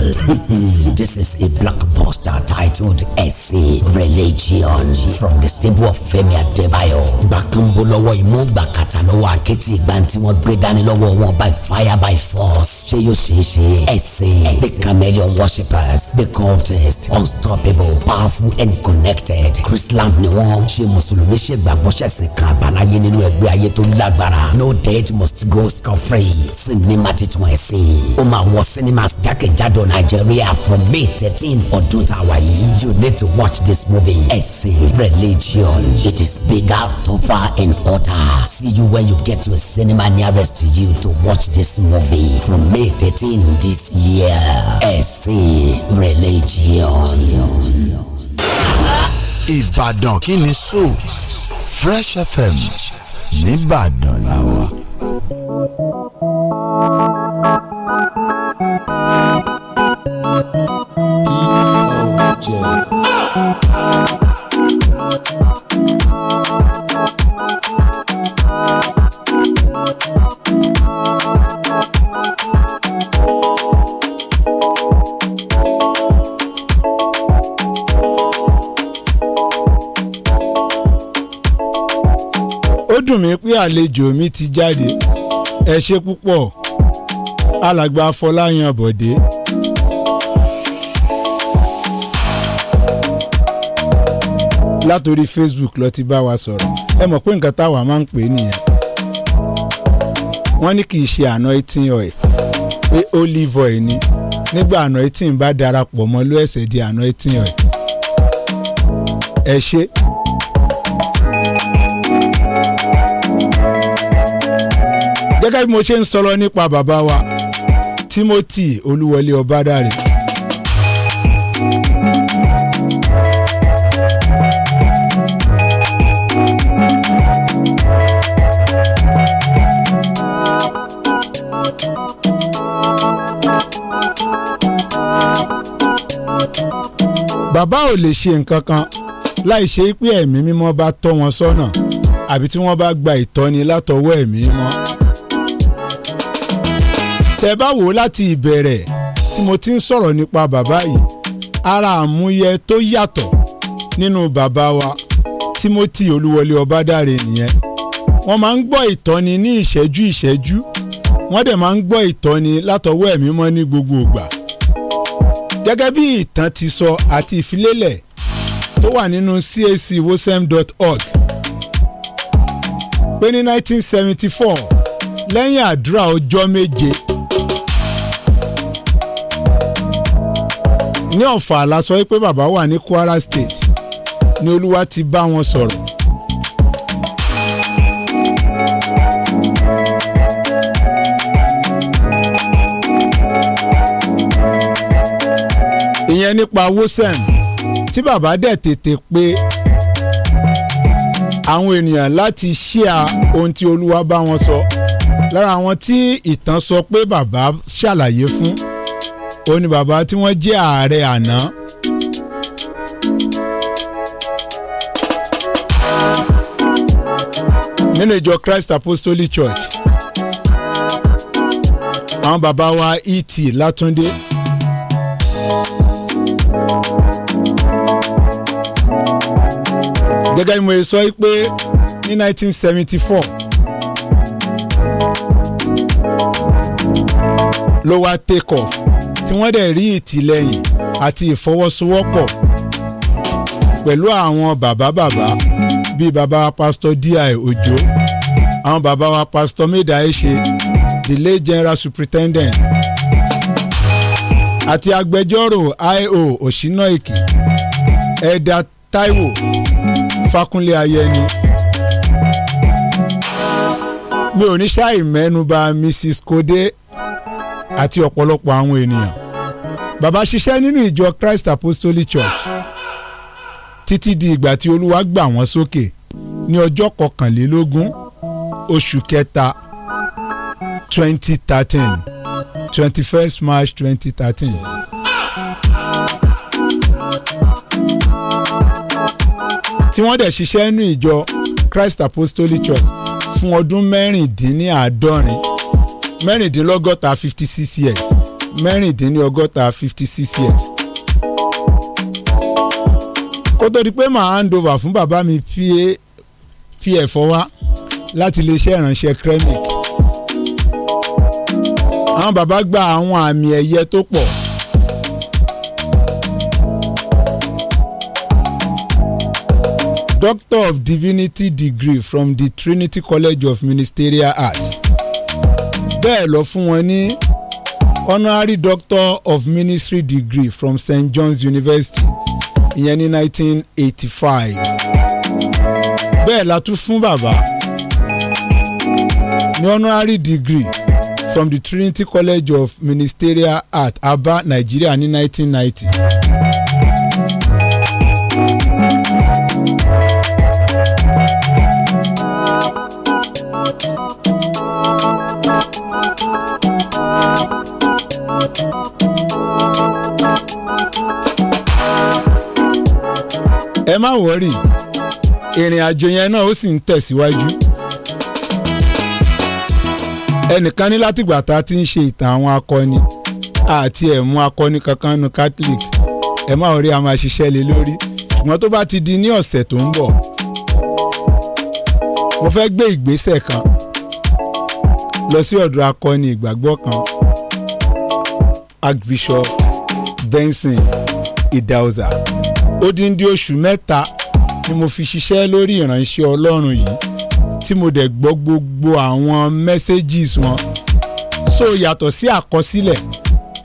This is a blockbuster titled Ẹ̀sìn Religion from the stable of Femi Adebayo. Gbàkánbó lọ́wọ́ imú gbàkàtà lọ́wọ́ akéèti ìgbà tí wọ́n gbé dání lọ́wọ́ wọn by fire by force. Ṣé yóò ṣeé ṣe? Ẹ̀sìn The chameleon worshippers, the cultists, unstoppable. powerful and connected. Chrislam ni wọ́n ṣe mùsùlùmí ṣe gbàgbọ́ ṣẹ̀sìn kan àbáláyé nínú ẹgbẹ́ ayé tó lágbára. No dead must go scot-free. Sinima titun ẹ̀sìn. Ó máa wọ cinemas jákèjádò Nàìjíríà from May thirteen ọdún tàwa yìí. You need to watch this movie. Ẹ̀sìn religion. It is bigger, tougher and hotter. See you when you get to a cinema nearest to you to watch this movie from May thirteen this year. Ẹ̀sìn religion. Ìbàdàn kí ni so Fresh FM nìbàdàn la wà. àlejò mi ti jáde ẹ ṣe púpọ̀ alàgbà Fọláyan Bọ̀dé. látòrí Facebook lọ ti bá wa sọ̀rọ̀ ẹ mọ̀ pé nǹkan táwa máa ń pè é nìyẹn wọ́n ní kì í ṣe àná eighteen oil pé olive oil ni nígbà àná eighteen bá darapọ̀ mọ́ ló di àná eighteen oil ẹ ṣe gẹ́gẹ́ bí mo ṣe ń sọ̀rọ̀ nípa bàbá wa Timothy Olúwọlé Ọbádàrẹ. bàbá ò lè ṣe nǹkan kan láì ṣe pé ẹ̀mí mímọ́ bá tọ́ wọn sọ́nà àbí tí wọ́n bá gba ìtọ́ni látọwọ́ ẹ̀mí mímọ́ tẹ́ bá wò láti ìbẹ̀rẹ̀ tí mo ti ń sọ̀rọ̀ nípa bàbá yìí ara àmúyẹ tó yàtọ̀ nínú bàbá wa Timothy Olúwọlé Ọbádàrẹ nìyẹn wọ́n máa ń gbọ́ ìtọ́ni ní ìṣẹ́jú ìṣẹ́jú wọ́n dẹ̀ máa ń gbọ́ ìtọ́ni látọwọ́ ẹ̀mí mọ́ ní gbogbo ìgbà gẹ́gẹ́ bí ìtàn ti sọ àti ìfilélẹ̀ tó wà nínú cscwosem.org pé ní 1974 lẹ́yìn àdúrà ọjọ́ méje ní ọ̀fà la sọ pé bàbá wà ní Kwara State ni olúwa ti bá wọn sọ̀rọ̀. ìyẹn nípa wosem tí bàbá dẹ̀ tètè pé àwọn ènìyàn láti ṣíà ohun tí olúwa bá wọn sọ lára àwọn tí ìtàn sọ pé bàbá ṣàlàyé fún ó ní bàbá tí wọ́n jẹ́ ààrẹ àná. nínú ìjọ Christ Apostolic Church àwọn bàbá wa E.T. Látúndé. gẹ́gẹ́ bí mo ṣe sọ pé ní 1974 ló wá take off tí wọ́n dẹ̀ rí ìtìlẹ́yìn àti ìfọwọ́sowọ́pọ̀ pẹ̀lú àwọn bàbá bàbá bíi bàbá wa pásítọ̀ di òjò àwọn bàbá wa pásítọ̀ méda ẹ̀ṣẹ̀ the late general superintendent àti agbẹjọ́rò io òṣìnáìkì ẹ̀dà taiwo fakunlé ayẹni mi ò ní ṣàì mẹ́nuba mrs kode àti ọ̀pọ̀lọpọ̀ àwọn ènìyàn bàbá ṣiṣẹ́ nínú ìjọ Christ Apostolic Church títí di ìgbà tí Olúwa gbà wọ́n sókè ní ọjọ́ kọkànlélógún oṣù kẹta twenty thirteen twenty March 2013. thirteen. tí wọ́n dẹ̀ ṣiṣẹ́ nínú ìjọ Christ Apostolic Church fún ọdún mẹ́rìndínláàádọ́rin mẹ́rìndínlọ́gọ́ta fifty six years mẹ́rìndínlọ́gọ́ta fifty six years. kó tó di pé màá hand over fún bàbá mi pf wa láti iléeṣẹ́ ìrànṣẹ́ kremik àwọn bàbá gba àwọn àmì ẹ̀yẹ tó pọ̀. Doctor of Divinity degree from the Trinity College of Ministerial Arts bẹ́ẹ̀ lọ fún wọn ní honorary doctor of ministry degree from St. John's University ìyẹn ní 1985 bẹ́ẹ̀ la tún fún bàbá ní honorary degree from the Trinity College of Ministerial Art Aba Nigeria ní 1990 ẹ má wọrí ìrìn àjò yẹn náà ó sì ń tẹ̀síwájú ẹnìkan ní látìgbà tá a ti ń ṣe ìtàn àwọn akọni àti ẹ̀mú akọni kankan nu Catholic ẹ má wọrí a máa ṣiṣẹ́ lé lórí ṣùgbọ́n tó bá ti di ní ọ̀sẹ̀ tó ń bọ̀ mo fẹ́ gbé ìgbésẹ̀ kan lọ sí ọ̀dọ̀ akọni ìgbàgbọ́ kan Archbishop Benson Idahosa odindi oṣù mẹ́ta ni mo fi ṣiṣẹ́ lórí ìránṣẹ́ Ọlọ́run yìí tí mo dẹ̀ gbọ́ gbogbo àwọn messages wọn so yàtọ̀ sí àkọsílẹ̀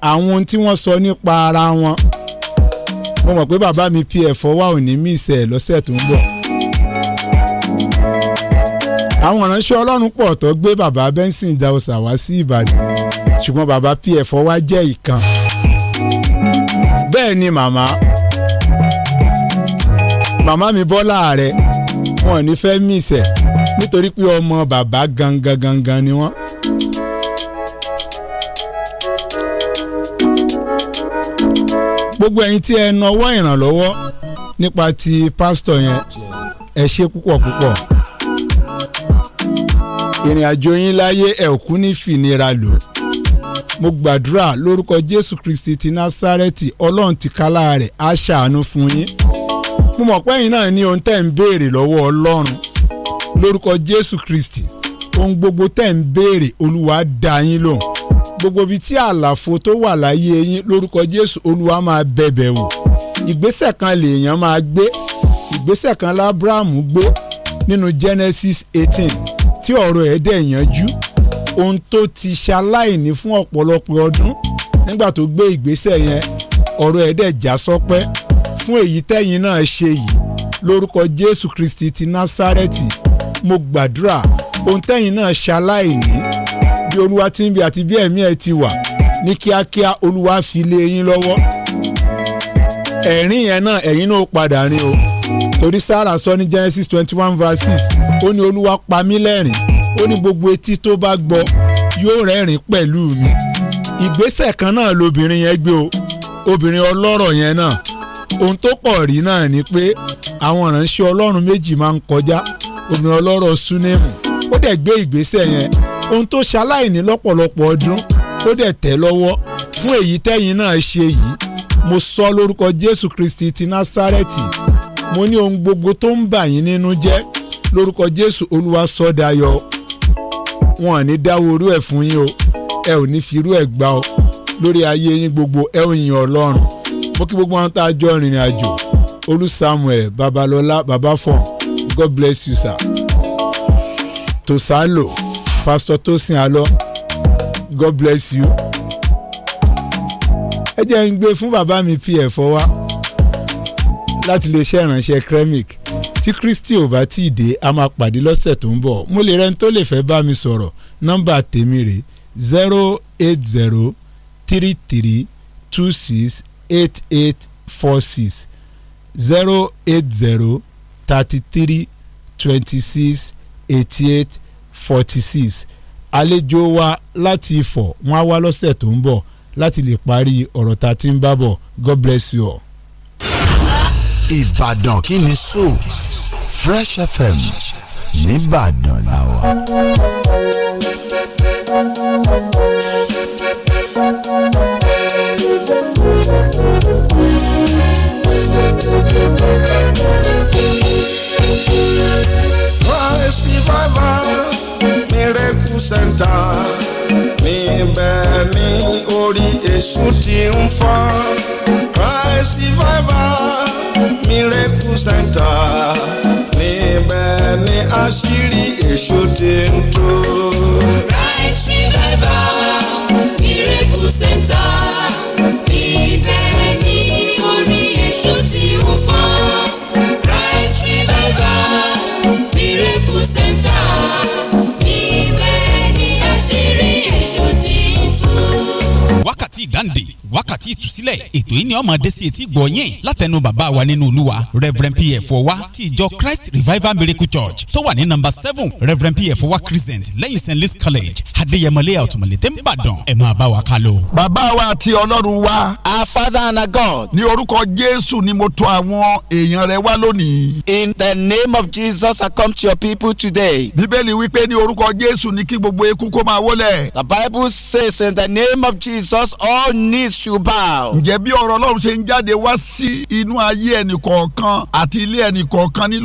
àwọn ohun tí wọ́n sọ nípa ara wọn mo mọ̀ pé bàbá mi pf wà ò ní mí ìsẹ̀ lọ́sẹ̀ tó ń bọ̀ àwọn ìránṣẹ́ ọlọ́run pọ̀ tó gbé bàbá benson dausa wá sí ìbàdàn ṣùgbọ́n bàbá pf wá jẹ́ ìkan bẹ́ẹ̀ ni màmá màmá mi bọ́lá rẹ̀ wọn ò ní fẹ́ mísẹ̀ nítorí pé ọmọ bàbá gangan gangan ni wọ́n. gbogbo ẹ̀yin tí ẹ nawọ́ ìrànlọ́wọ́ nípa ti pásítọ̀ yẹn ẹ ṣe púpọ̀ púpọ̀ ìrìn àjò yín láyé ẹ̀ òkú ní fìnira lò mo gbàdúrà lórúkọ Jésù Kristi ti Násárẹ́tì Ọlọ́run tìkálá rẹ̀ á ṣàánú fún yín mo mọ̀ pé ẹ̀yin náà ní ohun tẹ́ ń béèrè lọ́wọ́ Ọlọ́run lórúkọ Jésù Kristi ohun gbogbo tẹ́ ń béèrè Olúwa dá yín lóhùn gbogbo ibi tí àlàfo tó wà láyé yín lórúkọ Jésù Olúwa máa bẹ̀bẹ̀ wò ìgbésẹ̀ kan lèèyàn máa gbé ìgbésẹ̀ kan lábrahamu gbé nínú Genesis eighteen tí ọ̀rọ̀ ẹ̀ dẹ̀ yanjú ohun tó ti ṣaláìní fún ọ̀pọ̀lọpọ̀ ọdún nígbà tó gbé ìgbésẹ̀ yẹn ọ̀rọ̀ ẹ̀ dẹ̀ já sọpẹ́ fún èyí tẹ́yin náà ṣe yìí lórúkọ Jésù Kristi ti Násárẹ́tì mo gbàdúrà ohun tẹ́yin náà ṣaláìní bí Olúwa ti ń bí àti bí ẹ̀mí ẹ̀ ti wà ní kíákíá Olúwa fi lé yín lọ́wọ́ ẹ̀rín yẹn náà ẹ̀yin náà padà rin o torí Sárà sọ ní Genesis twenty one verse six ó ní Olúwa pa mí lẹ́rìn ó ní gbogbo etí tó bá gbọ́ yóò rẹ́rìn pẹ̀lú mi ìgbésẹ̀ kan náà lobìnrin yẹn gbé o obìnrin ọlọ́rọ̀ yẹn náà ohun tó pọ̀ rí náà ni pé àwọn ìránṣẹ́ Ọlọ́run méjì máa ń kọjá obìnrin ọlọ́rọ̀ Súnémù ó dẹ̀ gbé ìgbésẹ̀ yẹn ohun tó ṣaláìní lọ́pọ̀lọpọ̀ ọdún ó dẹ̀ tẹ̀ lọ́wọ́ fún èyí tẹ́yin náà ṣe yìí mo sọ lórúkọ Jésù Kristi ti Násárẹ́tì mo ní ohun gbogbo tó ń bà yín nínú jẹ́ lórúkọ Jésù Olúwa sọ dayọ̀ wọn ní dáwọ́ orú ẹ̀ fún yín o ẹ ò ní fi irú gbà o lórí ayé yín gbogbo ẹ ò yìn Ọlọ́run mo kí gbogbo àwọn tá a jọ rìnrìn àjò Olú Samuel Babalọlá Babafọn God bless you sir Tosalo Pastor Tosin Alọ God bless you ẹ jẹ́ ń gbé fún bàbá mi pf wa láti lè ṣe ìrànṣẹ́ kremik tí kristi ò bá tí ì dé a máa pàdé lọ́sẹ̀ tó ń bọ̀ mo lè rẹ́ni tó lè fẹ́ bá mi sọ̀rọ̀ nọ́mbà tèmi rè zero eight zero three three two six eight eight four six zero eight zero thirty three twenty six eighty eight forty six àlejò wa láti Ifọ̀ wọn á wá lọ́sẹ̀ tó ń bọ̀ láti lè parí ọ̀rọ̀ tá ti ń bá bọ̀ God bless you all. Ìbàdàn kí ni so Fresh FM nìbàdàn làwà. Jésus triomphant, Christ revival, miracle center. àti ìtúsílẹ̀ ètò yìí ni ọmọ dé sí etí gbọ̀nyìn látẹnu bàbá wa nínú olúwa reverend pf wa ti ìjọ christ revival miracle church tó wà ní nọ́mbà seven reverend pf wa crescent lẹ́yìn st louis college adéyẹmọlẹ́ àtùmọ̀lẹ́ tẹ́ ń bàdàn ẹ̀ máa bá wa ká lọ. bàbá wa àti ọlọ́run wa. our father and our god. ní orúkọ jésù ni mo tọ̀ àwọn èèyàn rẹ wá lónìí. in the name of jesus i come to your people today. bíbélì wípé ní orúkọ jésù ni kí gbogbo eku kó máa wólẹ̀. the bible says in the name of jesus all needs should bow. ǹjẹ́ bí ọ̀rọ̀ ọlọ́run ṣe ń jáde wá sí inú ayé àti ilé ní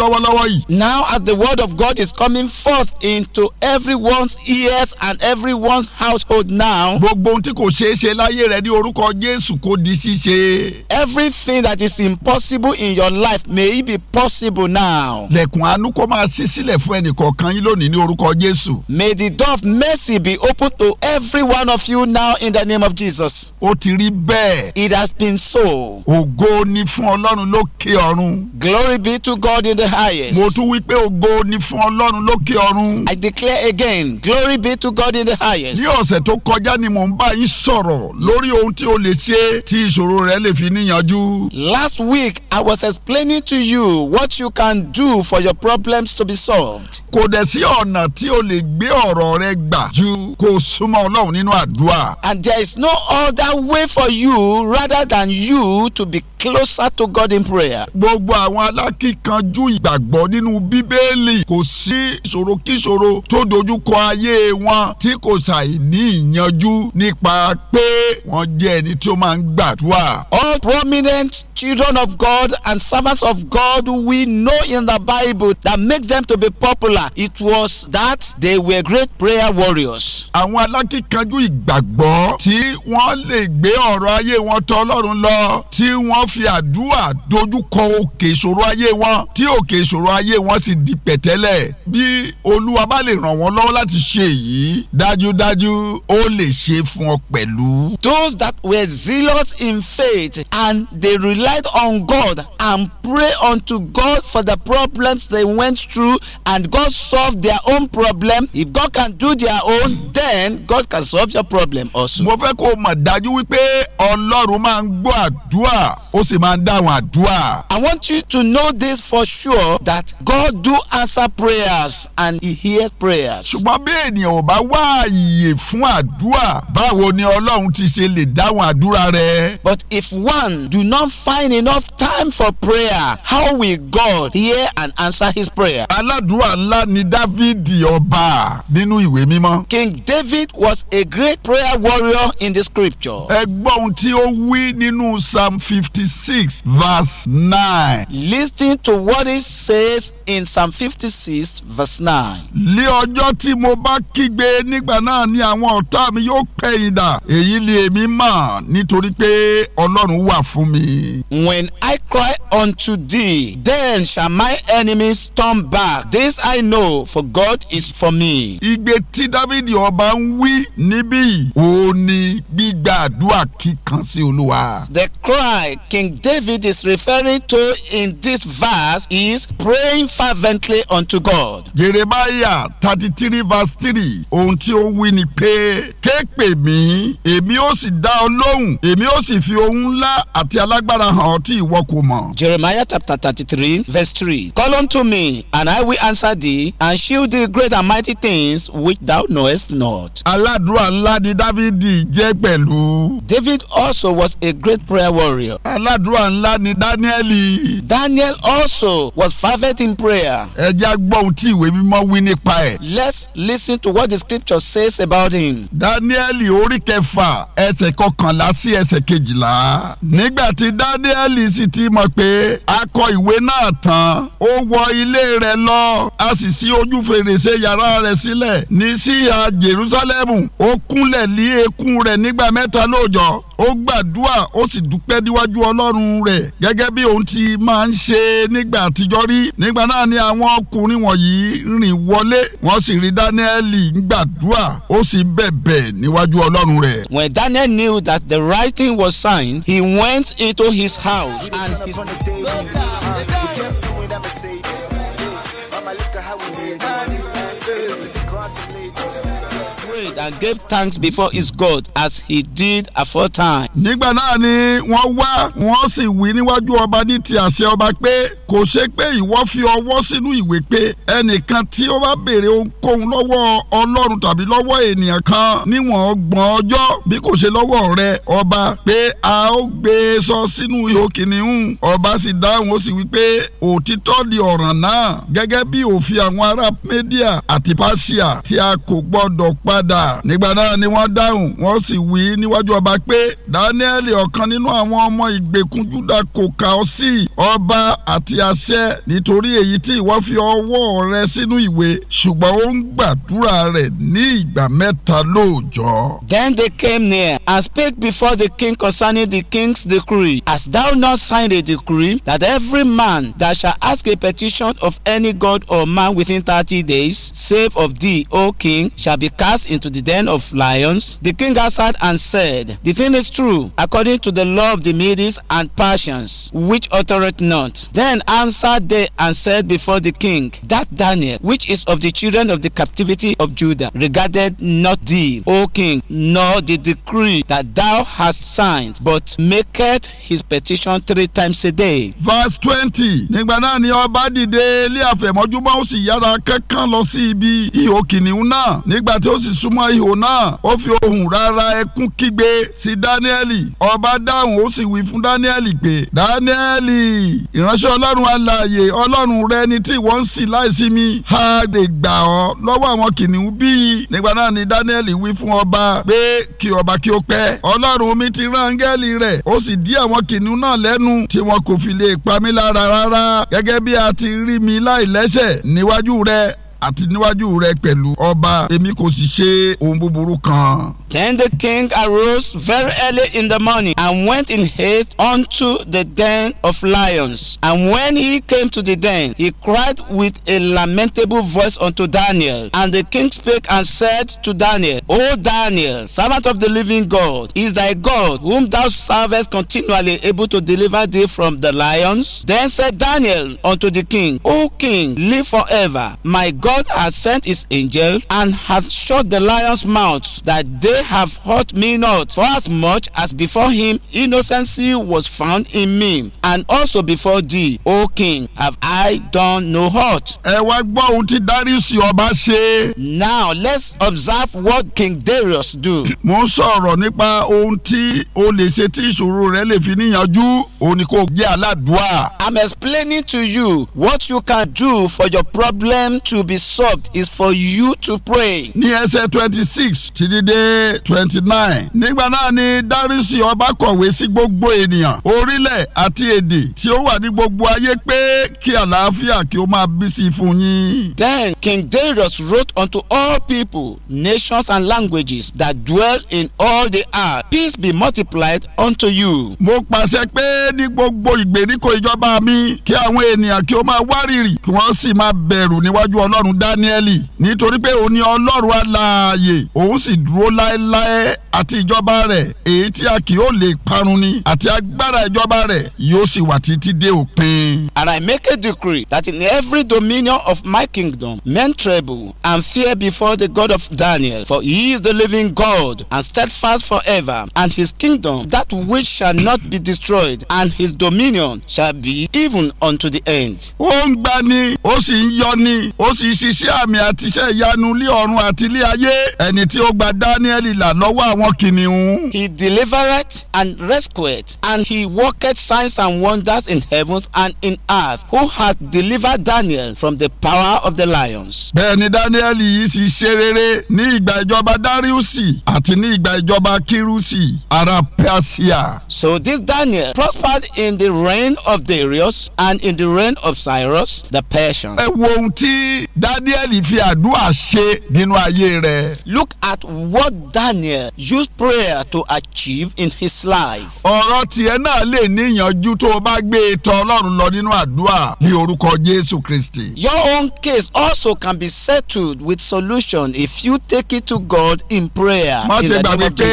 lọ́wọ́lọ́wọ́ yìí. now as the word of God is coming forth into everyone's ears and everyone's household now. gbogbo ohun tí kò ṣeé ṣe láyé rẹ ní orúkọ Jésù kò di ṣíṣe. everything that is impossible in your life may it be possible now. lẹ̀kùn àánú kó máa ṣí sílẹ̀ fún yín lónìí ní orúkọ Jésù. may the door of mercy be open to every one of you now in the name of Jesus. ó ti rí bẹ́ẹ̀. it has been so. ògo ni fún ọlọ́run lókè ọ̀run. glory be to God in the highest. mo tún wí pé ògo ni fún ọlọ́run lókè ọ̀run. I declare again glory be to God in the highest. ní ọ̀sẹ̀ tó kọjá ni mò ń bá yín sọ̀rọ̀ lórí ohun tí o lè ṣe tí ìṣòro rẹ lè fi níyanjú. last week I was explaining to you what you can do for your problems to be solved. kò dẹ̀ sí ọ̀nà tí o lè gbé ọ̀rọ̀ rẹ gbà ju kó o súnmọ́ ọlọ́run nínú àdúrà. and there is no other way for you you rather than you to be closer to God in prayer. gbogbo àwọn alákìkanjú ìgbàgbọ́ nínú bíbélì kò sí ìṣòro kíṣòro tó dojúkọ ayé wọn tí kò ṣàì ní ìyanjú nípa pé wọ́n jẹ́ ẹni tí ó máa ń gbàdúrà. all prominent children of God and servants of God we know in the Bible that make them to be popular it was that they were great prayer warriors. àwọn alákìkanjú ìgbàgbọ́ tí wọ́n lè gbé ọ̀rọ̀ ayé wọn tọ ọlọ́run lọ tí wọ́n fi àdúrà dojúkọ òkè ìṣòro ayé wọn tí òkè ìṣòro ayé wọn sì di pẹ̀tẹ́lẹ̀ bí olúwa bá lè ràn wọ́n lọ́wọ́ láti ṣe èyí dájúdájú ó lè ṣe fún ọ pẹ̀lú. Those that were zealous in faith and they relied on God and prayed unto God for the problems they went through and God solved their own problem. If God can do their own, then God can solve your problem also. Mo fẹ́ kó o mọ̀ dájú wípé ọ ọlọ́run máa ń gbọ́ àdúrà ó sì máa ń dáhùn àdúrà. I want you to know this for sure that God do answer prayers and he hears prayers. ṣùgbọ́n bí ènìyàn ò bá wá àyè fún àdúrà báwo ni ọlọ́run ti ṣe lè dáhùn àdúrà rẹ̀. But if one do not find enough time for prayer how will God hear and answer his prayer? aládùúrà ńlá ni Dávidi ọba nínú ìwé mímọ́. King David was a great prayer warrior in the scripture. ẹ gbọ́ ohun tí ó wí nínú psalm fifty six verse nine. listen to what it says in psalm fifty six verse nine. ní ọjọ́ tí mo bá kígbe nígbà náà ni àwọn ọ̀tá mi yóò pẹ̀yìn dà èyí ni èmi mọ̀ nítorí pé ọlọ́run wà fún mi. when I cry unto thee then shall my enemies turn back this I know for God is for me. igbe tí dávidi ọba ń wí níbí yìí òun ni gbígbàdúrà kíkà kan sí olúwa. The cry King David is referring to in this verse is praying fervently unto God. Jeremiah thirty three verse three ohun tí ó wí ni pé ké pè mí èmi ó sì dá ọ lóhùn èmi ó sì fi ohun ńlá àti alágbára hàn ọ́ tí ìwọ kò mọ̀. Jeremiah chapter thirty three verse three Call unto me and I will answer thee and shew thee great and mighty things which thou knowest not. Aládùúrà ńlá ni Dáfídì jẹ́ pẹ̀lú. David also was a great prayer warrior. aládùúrà ńlá ni dáníẹ́lì. Daniel also was fervent in prayer. ẹ jẹ́ tí ìwé mímọ́ wí nípa ẹ̀. let's listen to what the scripture says about him. dáníẹ́lì orí kẹfà ẹsẹ̀ kọkànlá sí ẹsẹ̀ kejìlá. nígbà tí dáníẹ́lì sì ti mọ̀ pé a kọ ìwé náà tán ó wọ ilé rẹ̀ lọ a sì ṣí ojú fèrèsé yàrá rẹ̀ sílẹ̀ ní síhà Jerúsálẹ́mù ó kúnlẹ̀ lé eékún rẹ̀ nígbà mẹ́ta lóòjọ́ ó gbàdúrà ó sì dúpẹ́ níwájú ọlọ́run rẹ̀ gẹ́gẹ́ bí òun ti máa ń ṣe nígbà àtijọ́ rí nígbà náà ni àwọn ọkùnrin wọ̀nyí rìn wọlé wọ́n sì rí dáníẹ́lì ń gbàdúrà ó sì bẹ̀bẹ̀ níwájú ọlọ́run rẹ̀. When Daniel knew that the writing was signed, he went into his house and his. and gave thanks before his God as he did aforetime. nígbà náà ni wọ́n wá wọ́n sì wí níwájú ọba ní ti àṣẹ ọba pé kò ṣe pé ìwọ fi ọwọ́ sínú ìwé pé ẹnìkan tí ó bá béèrè ohunkóhun lọ́wọ́ ọlọ́run tàbí lọ́wọ́ ènìyàn kan níwọ̀n ọgbọ̀n ọjọ́ bí kò ṣe lọ́wọ́ rẹ ọba pé a ó gbé e sọ sínú ihò kìnìún ọba sì dáhùn ó sì wí pé òtítọ́ di ọ̀ràn náà gẹ́gẹ́ bí òfin àwọn ará Media àti Persia tí a kò gbọ́dọ̀ padà nígbà náà ni wọ́n dáhùn wọ́n sì wí níwájú ọba pé dáníẹ́lì ọ̀kan nínú àwọn ọmọ ìgbèkùn júdà kò kà ọ́ sí ọba àti àṣẹ nítorí èyí tí ìwọ fi ọwọ́ rẹ sínú ìwé ṣùgbọ́n ó ń gbàdúrà rẹ̀ ní ìgbà mẹ́ta lóòjọ́. Then they came near and spake before the king concerning the king's decree. as thou not signed a decree that every man that shall ask a petition of any god or man within thirty days, save of thee, O king, shall be cast into the the den of lions? The king answered and said, The thing is true, according to the law of the Medes and Persians, which uttereth not. Then answered they and said before the king, That Daniel, which is of the children of the captivity of Judah, regarded not thee, O king, nor the decree that thou hast signed, but maketh his petition three times a day. Verse twenty. Nígbà náà ni ọba dìde ilé àfẹ̀mọ́júmọ́ ó sì yára kẹ́kàn lọ sí ibi ihò kìnìún náà nígbà tí ó sì súnmọ́ ihò náà ó fi ohùn rárá ẹkún kígbe sí dáníẹ́lì ọba dáhùn ó sì wí fún dáníẹ́lì pé dáníẹ́lì ìránṣẹ́ ọlọ́run alààyè ọlọ́run rẹ ni tí wọ́n ń sìn láìsí mi ha lè gbà ọ́ lọ́wọ́ àwọn kìnìún bíi nígbà náà ni dáníẹ́lì wí fún ọba pé kí ọba kí ó pẹ́ ọlọ́run mi ti rán áńgẹ́lì rẹ̀ ó sì dí àwọn kìnìún náà lẹ́nu tí wọn kò fi lè pa mí lára rárá gẹ́gẹ́ bí a ti rí mi láìlẹ́sẹ̀ níwájú rẹ̀ àti níwájú rẹ pẹ̀lú ọba èmi kò sì ṣe ohun búburú kan. Then the king arose very early in the morning and went in haste unto the den of lions. And when he came to the den, he cried with a lamentable voice unto Daniel. And the king spake and said to Daniel, O Daniel, servant of the living God, is thy God, whom thou servest continually, able to deliver thee from the lions? Then said Daniel unto the king, O king, live forever. My God has sent his angel and hath shut the lions' mouths, that they have hurt me not, for as much as before him innocency was found in me and also before thee O king have I done no hurt. ẹ wá gbọ́ ohun tí Darius ọba ṣe. now let's observe what King Darius do. mo ń sọ̀rọ̀ nípa ohun tí o lè ṣe tí ìṣòro rẹ lè fi níyanjú òun kò jẹ́ aládùúà. I'm explaining to you what you can do for your problem to be solved is for you to pray. ní ẹsẹ̀ twenty six títí dé twenty nine nígbà náà ni Darius ọba kọ̀wé sí gbogbo ènìyàn orílẹ̀ àti èdè tí ó wà ní gbogbo ayé pé kí àlàáfíà kí ó máa bí sí fún yín. Then King Darius wrote unto all people, nations and languages that dwell in all the earth, peace be multiplied unto you. Mo pàṣẹ pé ní gbogbo ìgbèríko ìjọba mi kí àwọn ènìyàn kí ó máa wárìrì kí wọ́n sì máa bẹ̀rù níwájú Ọlọ́run Dáníẹ́lì nítorí pé òun ni Ọlọ́run alààyè òun sì dúró láéláé àti ìjọba rẹ̀ èyí tí a kì í ó lè ìlérí ìparun ni àti agbára ìjọba rẹ̀ yóò sì wà títí dé òpin. And I make a decree that in every dominion of my kingdom men tremble and fear before the God of Daniel for he is the living God and steadfast forever and his kingdom that which shall not be destroyed and his dominion shall be even unto the end. ó ń gbani ó sì ń yọni ó sì ṣiṣẹ́ àmì àti ìyanu ilé ọ̀run àti ilé ayé ẹni tí ó gba Daniel là lọ́wọ́ àwọn kìnìún. He delivered and rescued. And he worked signs and wonders in heavens and in earth, who hath delivered Daniel from the power of the lions. Bẹ́ẹ̀ni Daniel yìí sì ṣe rere ní ìgbà ìjọba Dariusi àti ní ìgbà ìjọba Kirusi ará Persia. So this Daniel prospered in the reign of Darius and in the reign of Cyrus the Persian. Ẹ wo ohun tí Daniel fi àdúrà ṣe nínú ayé rẹ̀. Look at what Daniel used prayer to achieve in his life life. ọ̀rọ̀ tiẹ̀ náà lè níyànjú tó o bá gbé e tọ̀ ọlọ́run lọ nínú àdúrà ní orúkọ jésù kristi. your own case also can be settled with solution if you take it to God in prayer. má ṣe gbàgbé pé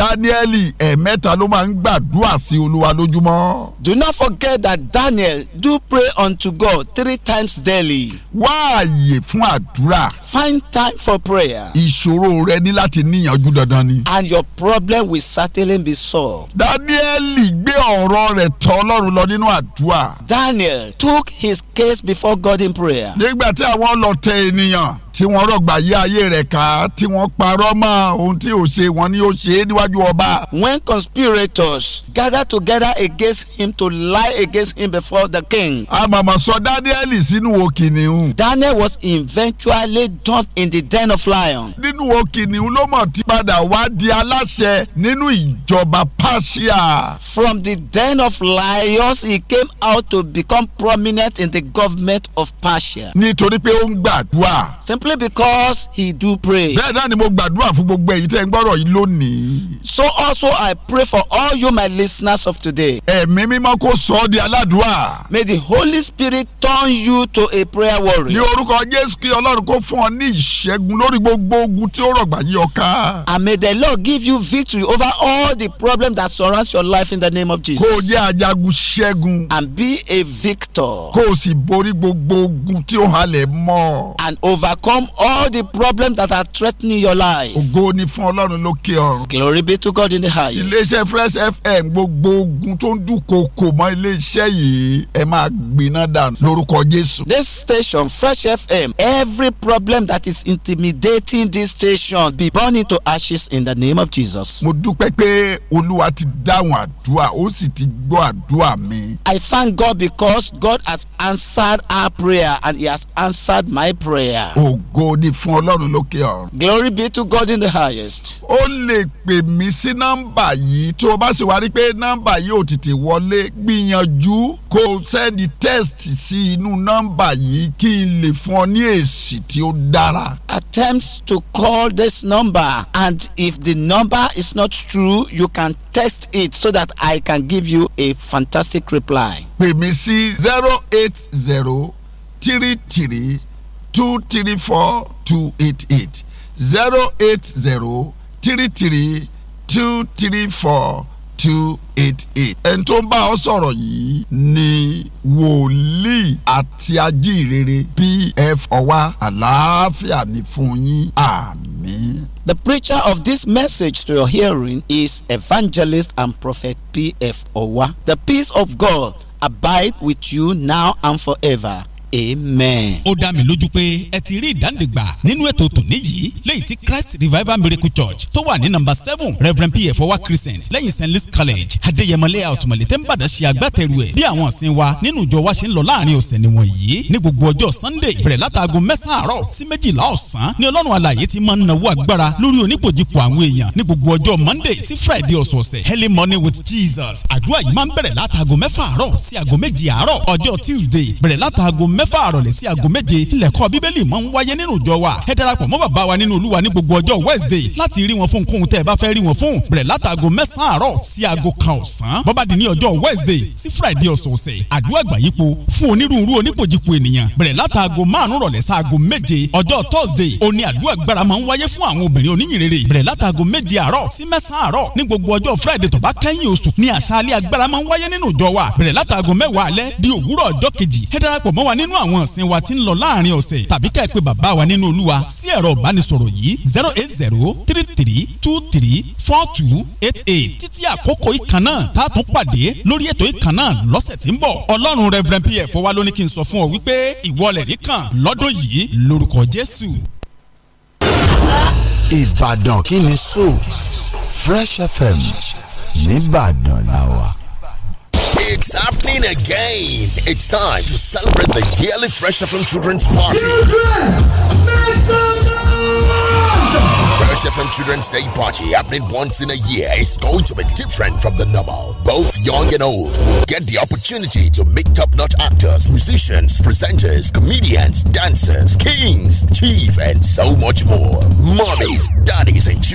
dáníẹ́lì ẹ̀ẹ̀mẹ́ta ló máa ń gbàdúrà sí olúwa lójúmọ́. do not forget that Daniel do pray unto God three times daily. wá àyè fún àdúrà. find time for prayer. ìṣòro rẹ ní láti níyànjú dandan ni. and your problem will certainly be solved. Daniel, Dáníẹ́lì gbé ọ̀rọ̀ rẹ̀ tọ́ Ọlọ́run lọ nínú àdúrà. Daniel took his case before God in prayer. Nígbà tí àwọn ọlọ̀tẹ̀ ènìyàn tí wọ́n rọ̀gbà yí ayé rẹ̀ ká tí wọ́n parọ́ mọ́ ohun tí ò ṣe wọ́n ní ó ṣe níwájú ọba. When conspirators gather together against him to lie against him before the king. a sọ Daniel sínú wo Daniel was eventually dumped in the den of lions. nínú wo ló mọ̀ tí padà wá di aláṣẹ nínú ìjọba Persia. From the den of lions he came out to become prominent in the government of Persia. nítorí pé ó ń gbàdúrà. Simply only because he do pray. bẹ́ẹ̀ náà ni mo gbàdúrà fún gbogbo ẹ̀yin tẹ́ ń gbọ́rọ̀ yìí lónìí. so also I pray for all you my listeners of today. ẹ̀mí mímọ́ kó sọ ọ́ di may the holy spirit turn you to a prayer warrior. ní orúkọ Jésù kí Ọlọ́run kó fún ọ ní ìṣẹ́gun lórí gbogbo ogun tí ó rọ̀gbà and may the Lord give you victory over all the problems that surround your life in the name of Jesus. kó jẹ́ ajagun ṣẹ́gun. and be a victor. kó o sì borí gbogbo ogun tí ó halẹ̀ mọ́. and overcome. overcome all the problems that are threatening your life. ògo ni fún ọlọ́run lókè ọ̀run. glory be to God in the highest. iléeṣẹ́ fresh fm gbogbo ogun tó ń dúnkokò mọ́ iléeṣẹ́ yìí ẹ máa gbiná dànù lórúkọ jésù. this station fresh fm every problem that is intimidating this station be burned into ashes in the name of jesus. mo dúpẹ́ pé olúwa ti dáhùn àdúrà ó sì ti gbọ́ àdúrà mi. i thank God because God has answered our prayer and he has answered my prayer. ògo ògo ni fún ọlọ́run lókè ọ̀run. glory be to God in the highest. ó lè pè mí sí nọ́mbà yìí tó o bá sì wá rí pé nọ́mbà yìí ò tètè wọlé gbìyànjú kó o sẹ́ndì test sí inú nọ́mbà yìí kí n lè fún ọ ní èsì tí ó dára. attempt to call this number and if the number is not true you can test it so that I can give you a fantastic reply. pè mí sí zero eight zero three three two three four two eight eight zero eight zero three three two three four two eight eight. ẹni tó ń bá ọ sọ̀rọ̀ yìí ni wòlíì àti ajíhìrere pf ọwá àlàáfíà ni fún yín àmín. The preacher of this message to your hearing is evangelist and prophet pf ọwá. The peace of God abide with you now and forever amen. ó dá mi lójú pé ẹ ti rí ìdánidìgbà nínú ètò tòní yìí lẹ́yìn tí christ revival miracle church tó wà ní number seven reverend pf ọwá crescent lẹ́yìn st louis college adéyẹmọlẹ́ àtùmọ̀lẹ́ tẹ́ ń bàdá ṣe agbátẹrù ẹ̀ bí àwọn ọ̀sìn wa nínú ìjọ wa ṣe ń lọ láàrin ọ̀sẹ̀ nìwọ̀n yìí ní gbogbo ọjọ́ sunday bẹ̀rẹ̀ látàgò mẹ́sàn-án àárọ̀ sí méjìlá ọ̀sán ni ọlọ́run alààyè ti máa ń nawó agbára lórí onípòjìpò àwọn èèyàn ní gbogbo ọjọ́ monday sí friday ọ̀sọ̀ọ̀sẹ̀ early morning with jesus àdúrà yìí máa ń bẹ̀rẹ̀ látàgò mẹ́fà àárọ̀ sí àgò méjì àárọ̀ ọjọ́ tuesday bẹ̀rẹ̀ látàgò mẹ́ mẹ́fà àrọ̀lẹ́ sí aago méje ilẹ̀kọ́ bíbélì máa ń wáyé nínú ìjọ wa ẹ darapọ̀ mọ́ bàbá wa nínú olúwa ní gbogbo ọjọ́ wednesday láti rí wọn fún kóhun tẹ́ ẹ bá fẹ́ rí wọn fún bẹ̀rẹ̀ látàgò mẹ́sàn-án àárọ̀ sí aago kan ọ̀sán bọ́bá di ní ọjọ́ wednesday sí friday ọ̀sọ̀ọ̀sẹ̀ àdúrà àgbáyípo fún onírúurú onípojìpo ènìyàn bẹ̀rẹ̀ látàgò márùn rọ̀lẹ́ sáago méje ọjọ́ thursday òní nínú àwọn ìsìn wa tí ń lọ láàrin ọ̀sẹ̀ tàbí kẹ́ ẹ pé bàbá wa nínú olúwa sí ẹ̀rọ ìbánisọ̀rọ̀ yìí zero eight zero three three two three four two eight eight títí àkókò ìkan náà tá a tún pàdé lórí ètò ìkan náà lọ́sẹ̀ tí ń bọ̀ ọlọ́run reverend pf wa ló ní kí n sọ fún ọ wípé ìwọlẹ̀ rí kan lọ́dún yìí lórúkọ jésù. ìbàdàn kí ni so fresh fm nìbàdàn làwà. It's happening again. It's time to celebrate the yearly Fresh from Children's Party. Fresh FM Children's Day Party happening once in a year is going to be different from the normal. Both young and old will get the opportunity to meet top-notch actors, musicians, presenters, comedians, dancers, kings, chief, and so much more. Mommies, daddies, and children